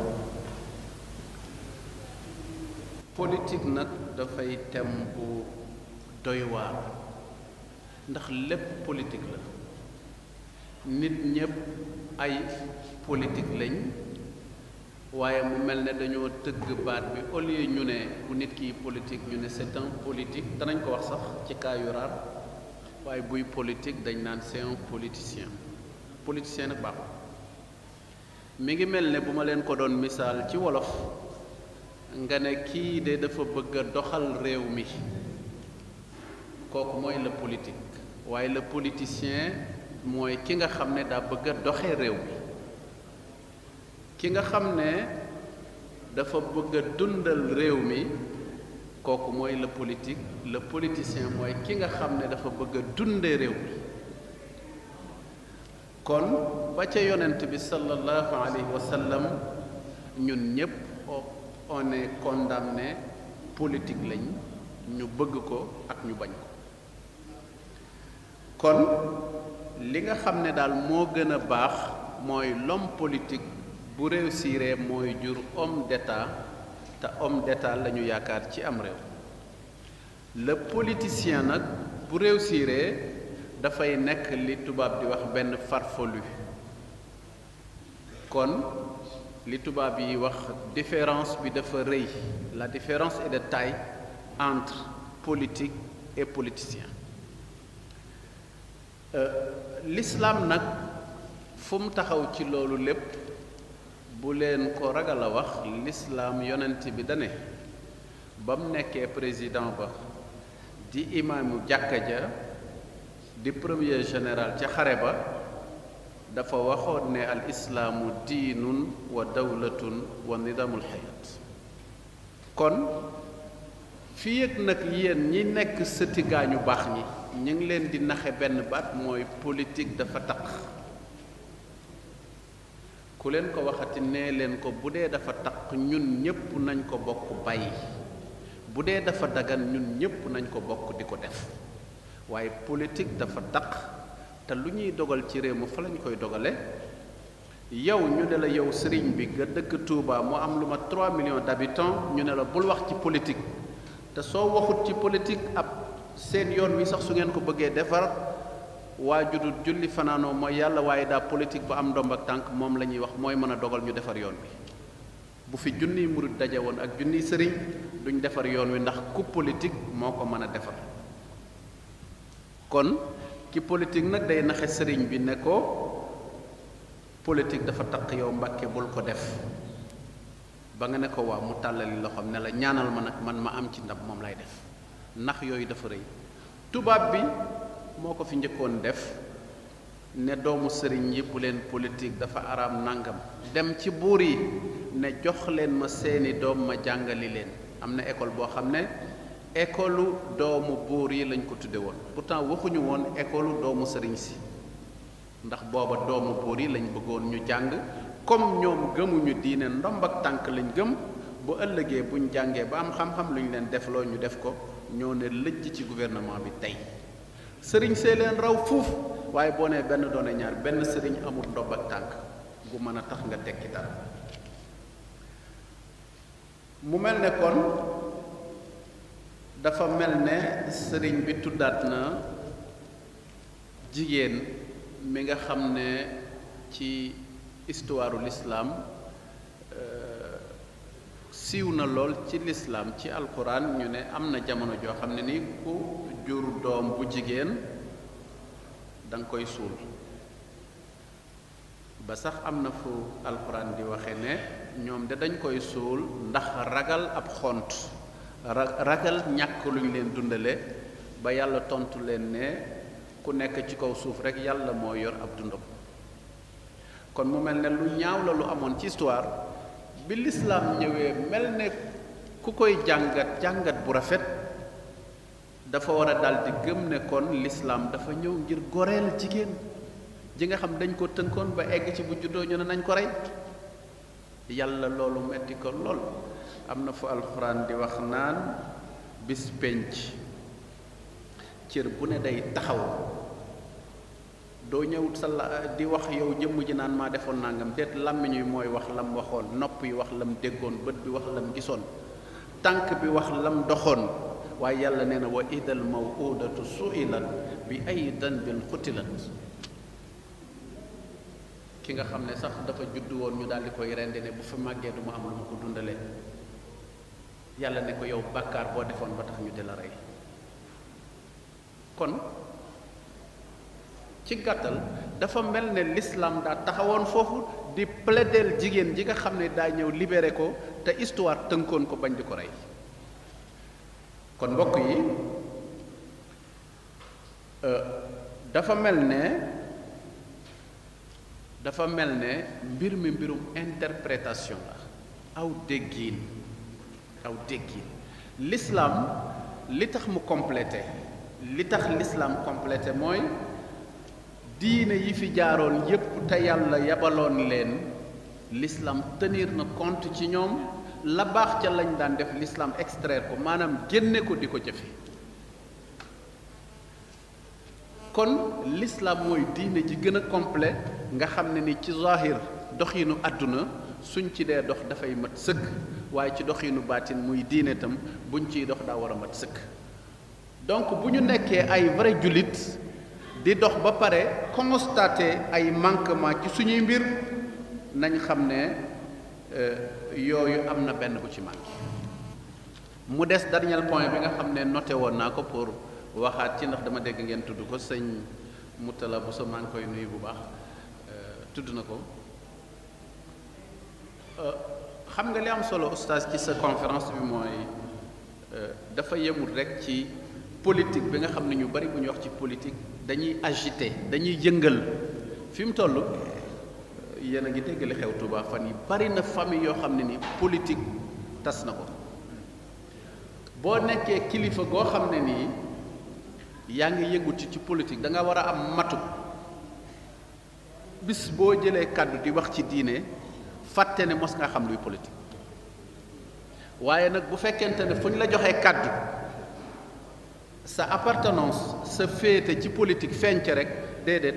politique nag dafay tem bu doy waar ndax lépp politique la nit ñëpp ay politique lañ waaye mu mel ni dañoo tëgg baat bi au ñu ne bu nit kii politik ñu ne c'est un danañ ko wax sax ci cas raar waaye buy politique dañ naan c'est un politicien politicien nag mu ngi mel ni bu ma leen ko doon misaal ci wolof nga ne kii de dafa bëgg doxal réew mi kooku mooy le politique waaye le politicien mooy ki nga xam ne daa bëgg a doxe réew mi ki nga xam ne dafa bëgg a dundal réew mi kooku mooy le politik le politicien mooy ki nga xam ne dafa bëgg a dunde réew mi kon ba ca yonent bi sallallahu alayhi wa sallam ñun ñëpp on est condamné politique lañ ñu bëgg ko ak ñu bañ ko kon li nga xam ne daal moo gën a baax mooy lom politique bu réussir mooy jur homme d'État te homme d'État la yaakaar ci am réew le politicien nag bu réussir dafay nekk li tubaab di wax benn farfolu kon li tubaab yi wax différence bi dafa rëy la différence et de taille entre politique et politicien Euh, lislaam nag fu taxaw ci loolu lépp bu leen ko ragal a wax lislaam yonent bi dane ba mu nekkee président ba di imaamu jàkka ja di premier général ca xare ba dafa waxoon ne al islaamu diinun wa dawlatun wa nidaamul xayaat kon fii ak nag yéen ñi nekk sëti gaañu baax ni ñu ngi leen di naxe benn baat mooy politique dafa taq ku leen ko waxati nee leen ko bu dee dafa taq ñun ñépp nañ ko bokk bàyyi bu dee dafa dagan ñun ñépp nañ ko bokk di ko def waaye politique dafa taq te lu ñuy dogal ci réew mi fa lañ koy dogale yow ñu ne la yow sëriñ bi nga dëkk Touba mu am lu ma 3 millions d'habitants ñu ne la bul wax ci politique te soo waxut ci politique ab seen yoon wi sax su ngeen ko bëggee defar waa judul julli fanaanoo mooy yàlla waaye daa politique bu am ndomb ak tànk moom la ñuy wax mooy mën a dogal ñu defar yoon wi bu fi junniy murit daje woon ak junniy sëriñ duñ defar yoon wi ndax ku politique moo ko mën a defar kon ki politik nag day naxe sëriñ bi ne ko politique dafa taq yow Mbàkke bul ko def ba nga ne ko waaw mu tàllali loxoom ne la ñaanal ma nag man ma am ci ndam moom lay def ndax yooyu dafa rëy tubaab bi moo ko fi njëkkoon def ne doomu sëriñ yi bu leen politique dafa araam nangam dem ci buur yi ne jox leen ma seeni doom ma jàngali leen am na école boo xam ne école doomu buur yi lañ ko tudde woon pourtant waxuñu woon école doomu sëriñ si ndax booba doomu buur yi lañ bëggoon ñu jàng comme ñoom gëmuñu diine ndomb ak tànk lañ gëm bu ëllëgee buñ jàngee ba am xam-xam lu ñu leen defloo ñu def ko ñoo ne lëjj ci gouvernement bi tey sëriñ see leen raw fuuf waaye boo nee benn doone ñaar benn sëriñ amul ndob ak tànk bu mën a tax nga tekki dara mu mel ne kon dafa mel ne sëriñ bi tuddaat na jigéen mi nga xam ne ci histoire lislaam siiw na lool ci lislaam ci alquran ñu ne am na jamono joo xam ne ni ku jur doom bu jigéen danga koy suul ba sax am na fu alxuraan di waxe ne ñoom de dañ koy suul ndax ragal ab xont ragal ñàkk lu ñu leen dundale ba yàlla tontu leen ne ku nekk ci kaw suuf rek yàlla moo yor ab dundam kon mu mel ne lu ñaaw la lu amoon ci histoire bi lislaam ñëwee mel ne ku koy jàngat jàngat bu rafet dafa war a dal gëm ne kon lislaam dafa ñëw ngir goreel jigéen ji nga xam dañ ko tënkoon ba egg ci bu juddoo ñu ne nañ ko rey yàlla loolu metti ko lool am na fu alxuraan di wax naan bis penc cër bu ne day taxaw doo ñëw sa la di wax yow jëmm ji naan maa defoon nangam déet làmmiñ wi mooy wax lam waxoon nopp yi wax lam déggoon bët bi wax lam gisoon tànk bi wax lam doxoon waaye yàlla nee na wa idal mawuudatu suilat bi ay danbin xutilat ki nga xam ne sax dafa judd woon ñu daal di koy rendi ne bu fi màggee du ma am lu ma ko dundalee yàlla ne ko yow bàkkaar boo defoon ba tax ñu di la rey kon ci gàttal dafa mel ne l'islam daa taxawoon foofu di plaideel jigéen ji nga xam ne daa ñëw libéré ko te histoire tënkoon ko bañ di ko rey kon mbokk yi euh, dafa mel ne dafa mel ne mbir mi mbirum interprétation la aw déggiin aw déggiin l'islam li tax mu complété li tax lislaam complété mooy diine yi fi jaaroon yépp te yàlla yabaloon leen l'islam tenir na compte ci ñoom la baax ca lañu daan def l'islam extraire ko maanaam génne ko di ko jëfe kon l'islam mooy diine ji gën a complet nga xam ne ni ci zahir doxinu àdduna suñ ci dee dox dafay mat sëkk waaye ci doxinu baatin muy diine itam buñ ciy dox daa war a mat sëkk donc bu ñu nekkee ay vrai jullit di dox ba pare constater ay manquement ci suñuy mbir nañ xam ne euh, yooyu am na benn bu ci manqué mu des dernier point bi nga xam ne noté woon naa ko pour waxaat ci ndax dama dégg ngeen tudd ko sëñ Moutala Bousso maa ngi koy nuyu bu baax euh, tudd na ko euh, xam nga li am solo oustaz ci sa conférence bi mooy dafa yemul rek ci politique bi nga xam ne ñu bari bu ñu wax ci politique dañuy agité dañuy yëngal fi mu toll yéen a ngi déggale xew Touba fan yi bari na famille yoo xam ne nii politique tas na ko boo nekkee kilifa goo xam ne nii yaa ngi yëngu ci ci politique da nga war a am matuk bis boo jëlee kàddu di wax ci diine fàtte ne mos nga xam luy politique waaye nag bu fekkente ne fu ñu la joxee kàddu sa appartenance sa féete ci politique feeñ rek déedéet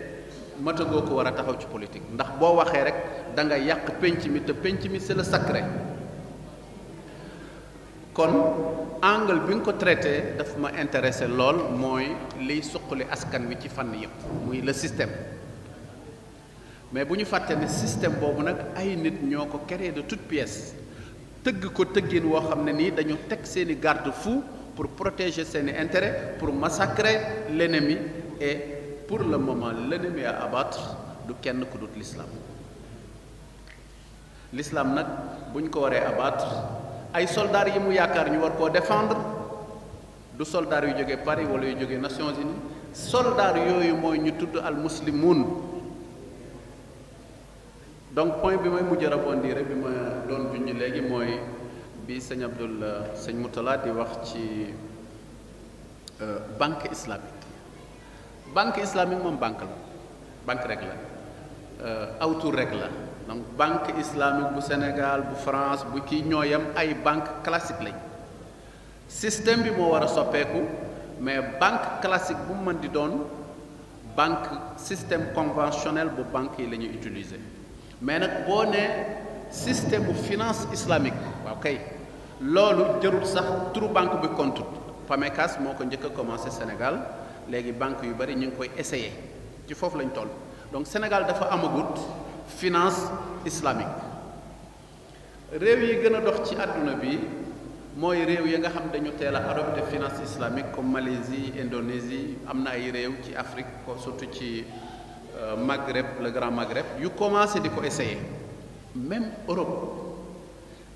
matagoo ko war a taxaw ci politique ndax boo waxee rek da nga yàq penc mi te penc mi c'est le sacré kon angle bi nga ko traité dafa ma intéressé lool mooy liy suqali askan wi ci fànn yëpp muy le système mais bu ñu fàtte ne système boobu nag ay nit ñoo ko créé de toutes pièces tëgg ko tëggin woo xam ne nii dañu teg seeni garde-fou pour protéger seeni intérêts pour massacrer l'ennemi et pour le moment l'ennemi à abattre du kenn ku dut l'islam l'islam nag bu ñu ko waree abattre ay soldats yi mu yaakaar ñu war koo defendre du soldats yu jógee Paris wala yu jógee Nations Unies soldats yooyu mooy ñu tudd al muslimun donc point bi may mujj a rebondir bi ma doon junj léegi mooy. bi sëñ Abdul euh, sëñ Moutala di wax ci euh, banque islamique banque islamique moom banque la banque rek la euh, aw tur rek la donc banque islamique bu Sénégal bu France bu kii ñooyam ay banque classique lañ système bi moo war a soppeeku mais banque classique bu mën di doon banque système conventionnel bu banque yi la ñuy utiliser mais nag boo nee système bu finance islamique waaw kay loolu jërul sax turu banque bi compte PAMECAS moo ko njëkk a commencé Sénégal léegi banque yu bari ñu ngi koy essayer ci foofu lañ toll donc Sénégal dafa amagut finance islamique réew yi gën a dox ci àdduna bi mooy réew yi nga xam dañu teel a adopté finance islamique comme Malaisie Indonésie am na ay réew ci Afrique surtout ci euh, Maghreb le Grand Maghreb yu commencé di ko essayer même Europe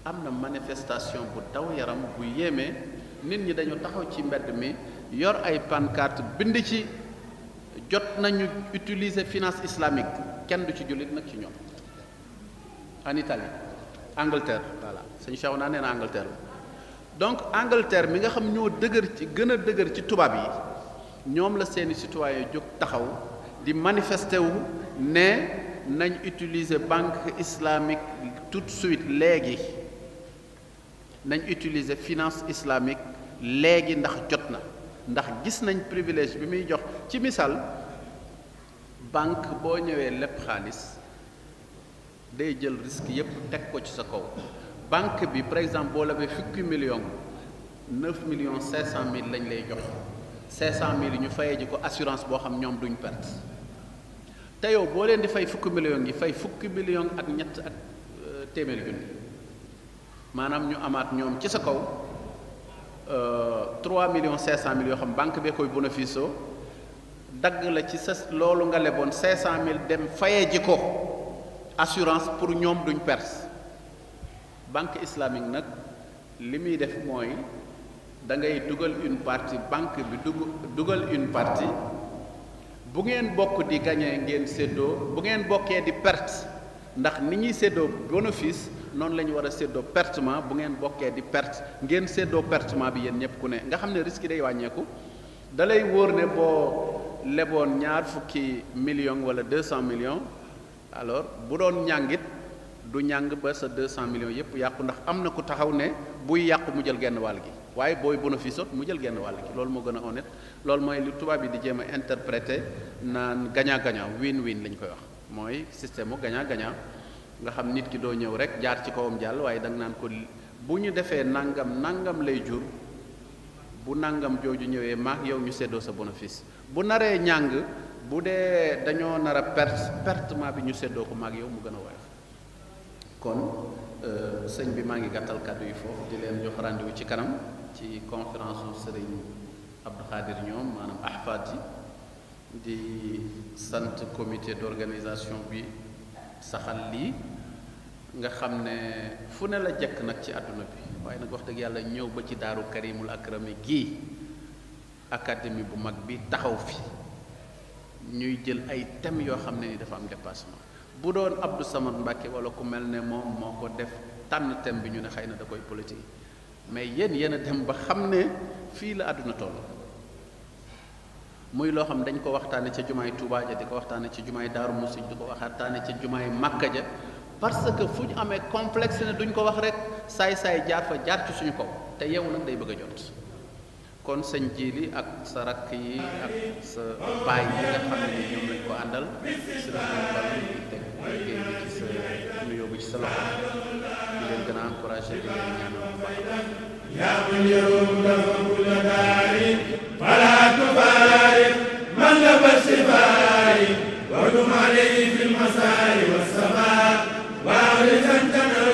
am na manifestation bu daw yaram bu yéeme nit ñi dañu taxaw ci mbedd mi yor ay pancarte bind ci jot nañu utiliser finance islamique kenn du ci jullit nag ci ñoom en Italie Angleterre voilà sëñ Cheikh naa nee na Angleterre donc Angleterre mi nga xam ñoo dëgër ci gën a dëgër ci tubaab yi ñoom la seeni citoyen jóg taxaw di manifester wu ne nañ utiliser banque islamique tout de suite léegi nañ utiliser finance islamique léegi ndax jot na ndax gis nañ privilège bi muy jox ci misaal banque boo ñëwee lépp xaalis day jël risque yépp teg ko ci sa kaw banque bi par exemple boo lebee fukki million neuf millions cinq cent mille lañ lay jox cinq cent mille ñu fayee ji ko assurance boo xam ñoom duñu perte te yow boo leen di fay fukki millions yi fay fukki million ak ñett ak euh, téeméeri junni maanaam ñu amaat ñoom ci sa kaw 3 euh, millions 500 mille yoo xam banque bee koy bénéfice oo dagg la ci sa loolu nga leboon 500 mille dem fayee ji ko assurance pour ñoom duñ perte banque islamique nag li muy def mooy da ngay dugal une partie banque bi dug dugal une partie bu ngeen bokk di gagné ngeen séddoo bu ngeen bokkee di perte. ndax ni ñuy séddoo bénéfice noonu la ñu war a séddoo pertement bu ngeen bokkee di perte ngeen séddoo pertement bi yéen ñëpp ku ne nga xam ne risque day wàññeeku da wóor ne boo leboon ñaar fukki million wala deux cent millions alors bu doon ñàngit du ñàng ba sa deux cent millions yëpp yàqu ndax am na ku taxaw ne buy yàqu mu jël genn wàll gi waaye booy bénéfice mu jël genn wàll gi loolu moo gën a honnête loolu mooy lu tubaab yi di jéem a naa naan gagnant gagnant win win lañ koy wax. mooy système mu gagnant gagnant nga xam nit ki doo ñëw rek jaar ci kawam jàll waaye da naan ko bu ñu defee nangam nangam lay jur bu nangam jooju ñëwee maak yow ñu seddoo sa bénéfice bu naree njàng bu dee dañoo nar a perte pertement bi ñu séddoo ko maak yow mu gën a woyof kon euh, sëñ bi maa ngi gàttal kàddu yi foofu di leen jox rendez ci kanam ci conférence u sëriñ Abdou ñoom maanaam ahfaad yi di sant comité d'organisation bi saxal lii nga xam ne fu ne la jekk nag ci àdduna bi waaye nag wax dëgg yàlla ñëw ba ci daaru karimul akrami gii académie bu mag bi taxaw fi ñuy jël ay thèmes yoo xam ne ni dafa am dépassement bu doon Abdou Samad Mbacke wala ku mel ne moom moo ko def tànn thème bi ñu ne xëy na da koy politique mais yéen yéen a dem ba xam ne fii la àdduna toll muy loo xam dañ ko waxtaane ca jumaay Tuubaa ja di ko waxtaane ca jumaay Daaru Musi di ko waxtaane ca jumaay Màkka ja parce que fu ñu amee complexe ne duñ ko wax rek saay-saay jaar fa jaar ci suñu kaw te yow nag day bëgg a jot kon sëñ Jili ak sa rakk yi ak sa baay yi nga xam ne ñoom lañ ko àndal sëñ bi teg liggéey bi ci sa nuyoo ci sa loxo di leen gën a encouragé di leen ñaanal bu baax wa